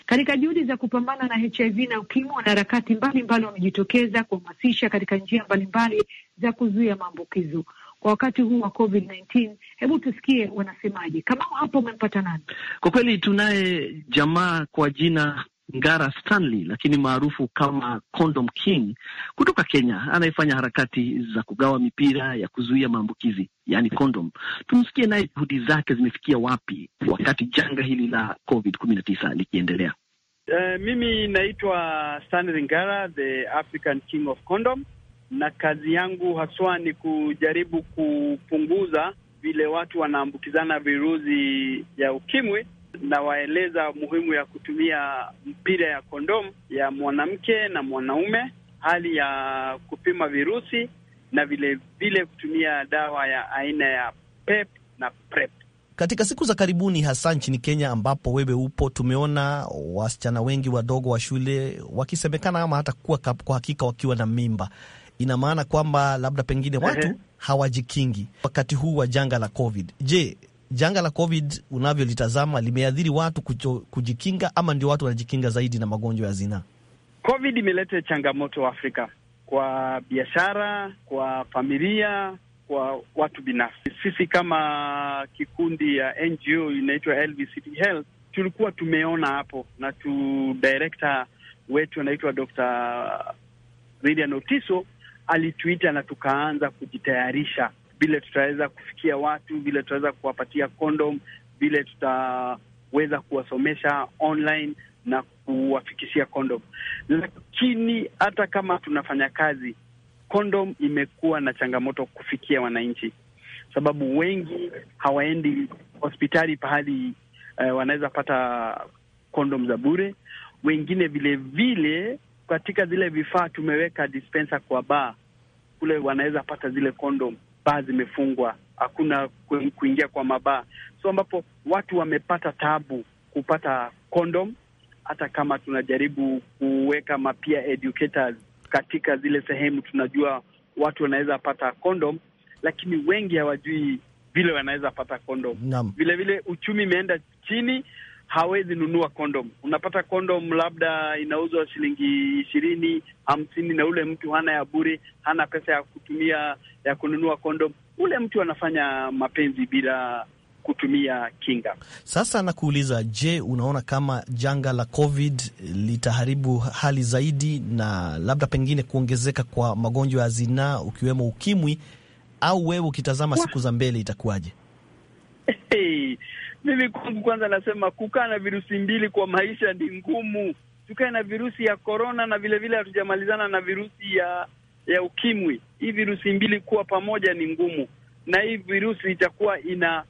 Katika juhudi za kupambana na HIV na ukimwi, wanaharakati mbalimbali wamejitokeza kuhamasisha katika njia mbalimbali za kuzuia maambukizo kwa wakati huu wa COVID-19. Hebu tusikie wanasemaje. Kama hapo umempata nani? Kwa kweli tunaye jamaa kwa jina Ngara Stanley, lakini maarufu kama Condom King kutoka Kenya, anayefanya harakati za kugawa mipira ya kuzuia maambukizi, yani condom. Tumsikie naye juhudi zake zimefikia wapi wakati janga hili la Covid kumi na tisa likiendelea. Uh, mimi naitwa Stanley Ngara, the African King of Condom, na kazi yangu haswa ni kujaribu kupunguza vile watu wanaambukizana virusi ya ukimwi nawaeleza muhimu ya kutumia mpira ya kondom ya mwanamke na mwanaume, hali ya kupima virusi na vilevile kutumia dawa ya aina ya PEP e na PrEP. E Katika siku za karibuni, hasa nchini Kenya ambapo wewe upo, tumeona wasichana wengi wadogo wa shule wakisemekana ama hata kuwa kwa hakika wakiwa na mimba. Ina maana kwamba labda pengine watu hawajikingi wakati huu wa janga la COVID. Je, janga la COVID unavyolitazama limeathiri watu kucho, kujikinga ama ndio watu wanajikinga zaidi na magonjwa ya zinaa? COVID imeleta changamoto Afrika kwa biashara, kwa familia, kwa watu binafsi. Sisi kama kikundi ya NGO inaitwa LVCT Health tulikuwa tumeona hapo, na tu director wetu anaitwa Dr. Lilian Otiso alituita na tukaanza kujitayarisha vile tutaweza kufikia watu, vile tutaweza kuwapatia kondom, vile tutaweza kuwasomesha online na kuwafikishia kondom. Lakini hata kama tunafanya kazi, kondom imekuwa na changamoto kufikia wananchi, sababu wengi hawaendi hospitali pahali eh, wanaweza pata kondom za bure. Wengine vilevile vile katika zile vifaa tumeweka kwa baa kule, wanaweza pata zile kondom baa zimefungwa, hakuna kuingia kwa mabaa, so ambapo watu wamepata tabu kupata kondom, hata kama tunajaribu kuweka mapia educators katika zile sehemu tunajua watu wanaweza pata kondom, lakini wengi hawajui vile wanaweza pata kondom. Vilevile uchumi imeenda chini, hawezi nunua kondom. Unapata kondom labda inauzwa shilingi ishirini hamsini, na ule mtu hana ya bure, hana pesa ya kutumia ya kununua kondom. Ule mtu anafanya mapenzi bila kutumia kinga. Sasa nakuuliza, je, unaona kama janga la COVID litaharibu hali zaidi na labda pengine kuongezeka kwa magonjwa ya zinaa ukiwemo ukimwi, au wewe ukitazama siku za mbele itakuwaje? Hey, mimi kwangu kwanza nasema kukaa na virusi mbili kwa maisha ni ngumu. Tukae na virusi ya korona na vilevile hatujamalizana na virusi ya ya ukimwi. Hii virusi mbili kuwa pamoja ni ngumu, na hii virusi itakuwa ina,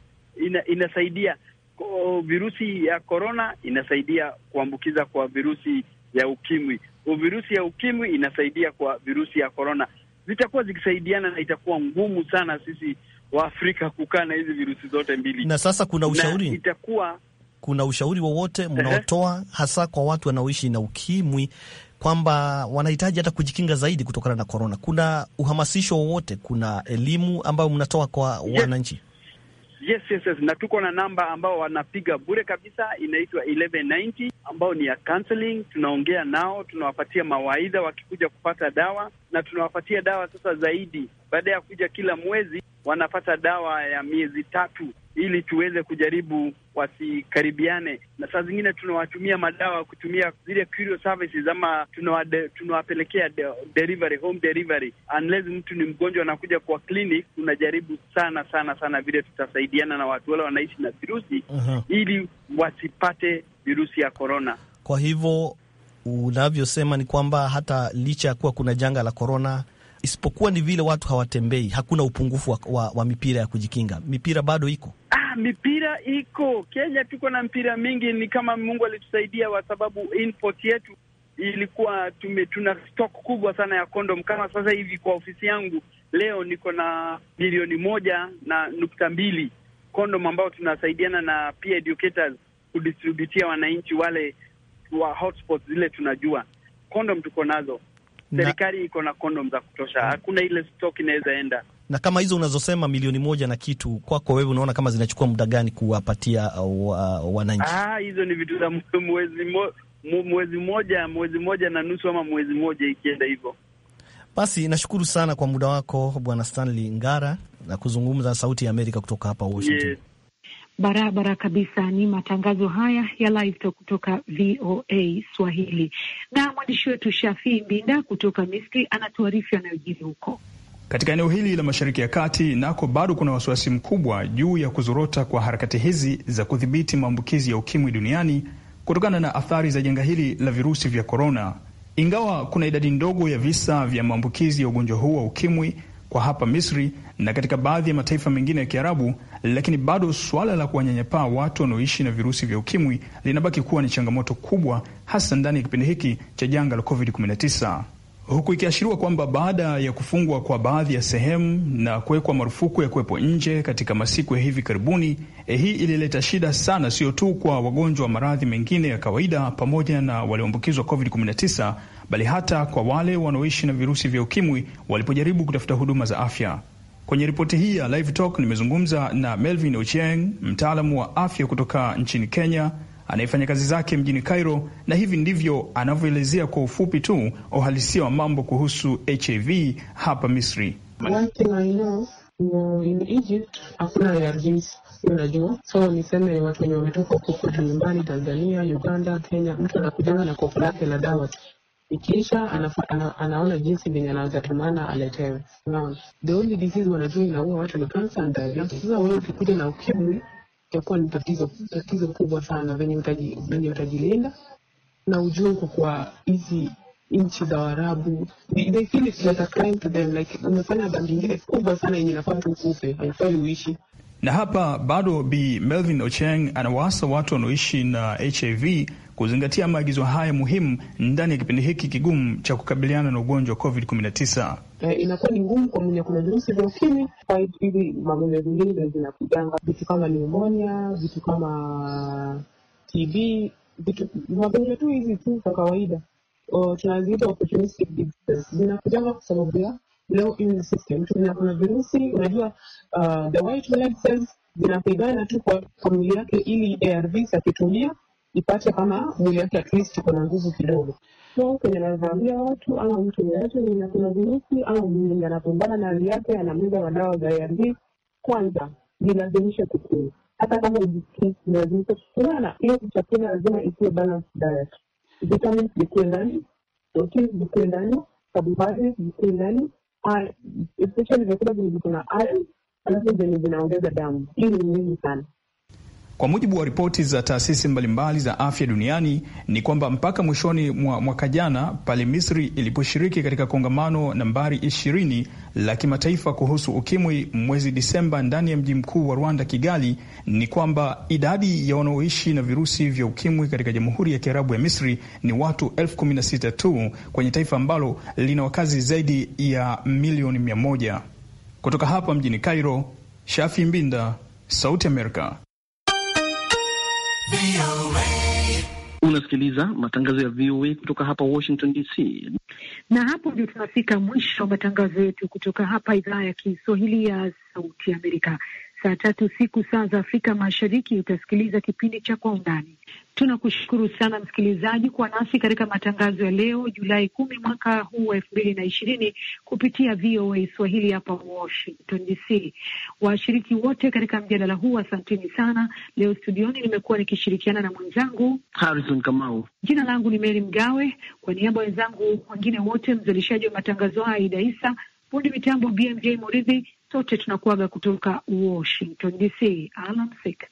ina inasaidia o, virusi ya korona inasaidia kuambukiza kwa virusi ya ukimwi, o, virusi ya ukimwi inasaidia kwa virusi ya korona, zitakuwa zikisaidiana na itakuwa ngumu sana sisi Waafrika kukaa na hizi virusi zote mbili. Na sasa kuna ushauri na itakuwa kuna ushauri wowote mnaotoa hasa kwa watu wanaoishi na ukimwi kwamba wanahitaji hata kujikinga zaidi kutokana na korona? Kuna uhamasisho wowote, kuna elimu ambayo mnatoa kwa wananchi? Yes, yes, yes. Na tuko na namba ambao wanapiga bure kabisa, inaitwa 1190 ambao ni ya counseling. Tunaongea nao, tunawapatia mawaidha wakikuja kupata dawa, na tunawapatia dawa sasa zaidi. Baada ya kuja kila mwezi, wanapata dawa ya miezi tatu, ili tuweze kujaribu wasikaribiane, na saa zingine tunawatumia madawa kutumia zile courier services ama tunawapelekea de, delivery home delivery. Unless mtu ni mgonjwa anakuja kwa clinic, tunajaribu sana sana sana vile tutasaidiana na watu wale wanaishi na virusi uh -huh. ili wasipate virusi ya korona. Kwa hivyo unavyosema ni kwamba hata licha ya kuwa kuna janga la korona isipokuwa ni vile watu hawatembei. Hakuna upungufu wa, wa, wa mipira ya kujikinga, mipira bado iko ah, mipira iko Kenya, tuko na mpira mingi, ni kama Mungu alitusaidia kwa sababu import yetu ilikuwa tume, tuna stock kubwa sana ya kondom. Kama sasa hivi kwa ofisi yangu leo niko na milioni moja na nukta mbili kondom ambao tunasaidiana na pia educators kudistributia wananchi wale wa hotspots zile tunajua kondom tuko nazo serikali iko na kondom za kutosha, mm. hakuna ile stock inaweza enda. Na kama hizo unazosema milioni moja na kitu, kwako wewe unaona kama zinachukua muda gani kuwapatia uh, uh, wananchi? Ah, hizo ni vitu za mwezi mo, mwezi moja mwezi moja na nusu ama mwezi moja ikienda hivyo. Basi nashukuru sana kwa muda wako Bwana Stanley Ngara na kuzungumza Sauti ya Amerika kutoka hapa Washington. Yes barabara kabisa. Ni matangazo haya ya live talk kutoka VOA Swahili, na mwandishi wetu Shafii Mbinda kutoka Misri anatuarifu yanayojiri huko. Katika eneo hili la Mashariki ya Kati nako bado kuna wasiwasi mkubwa juu ya kuzorota kwa harakati hizi za kudhibiti maambukizi ya ukimwi duniani kutokana na athari za janga hili la virusi vya korona. Ingawa kuna idadi ndogo ya visa vya maambukizi ya ugonjwa huu wa ukimwi kwa hapa Misri na katika baadhi ya mataifa mengine ya Kiarabu, lakini bado suala la kuwanyanyapaa watu wanaoishi na virusi vya ukimwi linabaki kuwa ni changamoto kubwa, hasa ndani ya kipindi hiki cha janga la COVID-19 huku ikiashiriwa kwamba baada ya kufungwa kwa baadhi ya sehemu na kuwekwa marufuku ya kuwepo nje katika masiku ya hivi karibuni, eh, hii ilileta shida sana, sio tu kwa wagonjwa wa maradhi mengine ya kawaida pamoja na walioambukizwa COVID-19 bali hata kwa wale wanaoishi na virusi vya ukimwi walipojaribu kutafuta huduma za afya. Kwenye ripoti hii ya Live Talk nimezungumza na Melvin Ochieng, mtaalamu wa afya kutoka nchini Kenya anayefanya kazi zake mjini Cairo, na hivi ndivyo anavyoelezea kwa ufupi tu uhalisia wa mambo kuhusu HIV hapa Misri. Unajua, so niseme watu wenye wametoka huko nyumbani Tanzania, Uganda, Kenya, mtu anakujana na kopo lake la dawa ikiisha anafa, ana, anaona jinsi venye anaweza tumana aletewe. Unaona, the only disease wanajua inaua watu ni cancer and diabetes. Sasa wewe ukikuja na ukimwi itakuwa ni tatizo tatizo kubwa sana venye utaji, venye utajilinda na ujue uko kwa hizi nchi za Waarabu, they feel it's like a crime to them, like umefanya dhambi ingine kubwa sana yenye nafaa tu ukufe, haifai uishi na hapa bado Bi Melvin Ocheng anawaasa watu wanaoishi na HIV kuzingatia maagizo haya muhimu ndani ya kipindi hiki kigumu cha kukabiliana na ugonjwa wa COVID-19. Eh, inakuwa ni ngumu kwa mwenye kuna virusi vya ukimwi hivi, magonjwa vingine ndo vinakujanga, vitu kama pneumonia, vitu kama TB, magonjwa tu hizi tu kwa kawaida tunaziita opportunistic diseases zinakujanga kwa sababu ya low immune system. Kuna virusi unajua, uh, the white blood cells zinapigana tu kwa familia yake ili ARVs akitumia ipate kama mwili wake atlist least uko na nguvu kidogo. So kwenye nazaambia watu ama mtu yeyote mwenye kuna virusi au mwenye anapambana na hali yake ana muda wa dawa za ARV, kwanza jilazimishe kukula, hata kama ujisikii lazimisha kukula, na hiyo chakula lazima ikuwe balanced diet, vitamins zikuwe ndani, proteins zikuwe ndani, carbohydrates zikuwe ndani, especially vyakula venye viko na iron alafu zenye vinaongeza damu. Hii ni muhimu sana. Kwa mujibu wa ripoti za taasisi mbalimbali za afya duniani ni kwamba mpaka mwishoni mwa mwaka jana pale Misri iliposhiriki katika kongamano nambari 20 la kimataifa kuhusu ukimwi mwezi Disemba ndani ya mji mkuu wa Rwanda, Kigali, ni kwamba idadi ya wanaoishi na virusi vya ukimwi katika Jamhuri ya Kiarabu ya Misri ni watu elfu kumi na sita tu kwenye taifa ambalo lina wakazi zaidi ya milioni mia moja. Kutoka hapa mjini Cairo, Shafi Mbinda, Sauti Amerika. Unasikiliza matangazo ya VOA kutoka hapa Washington DC, na hapo ndio tunafika mwisho wa matangazo yetu kutoka hapa idhaa ya Kiswahili ya Sauti Amerika saa tatu usiku saa za Afrika Mashariki utasikiliza kipindi cha Kwa Undani. Tunakushukuru sana msikilizaji kuwa nasi katika matangazo ya leo Julai kumi mwaka huu wa elfu mbili na ishirini kupitia VOA Swahili hapa Washington DC. Washiriki wote katika mjadala huu asanteni sana. Leo studioni nimekuwa nikishirikiana na mwenzangu Harrison Kamau. Jina langu ni Meri Mgawe, kwa niaba wenzangu wengine wote, mzalishaji wa matangazo haya Aida Isa, fundi mitambo BMJ Muridhi sote tunakuaga kutoka Washington DC. Alamsik.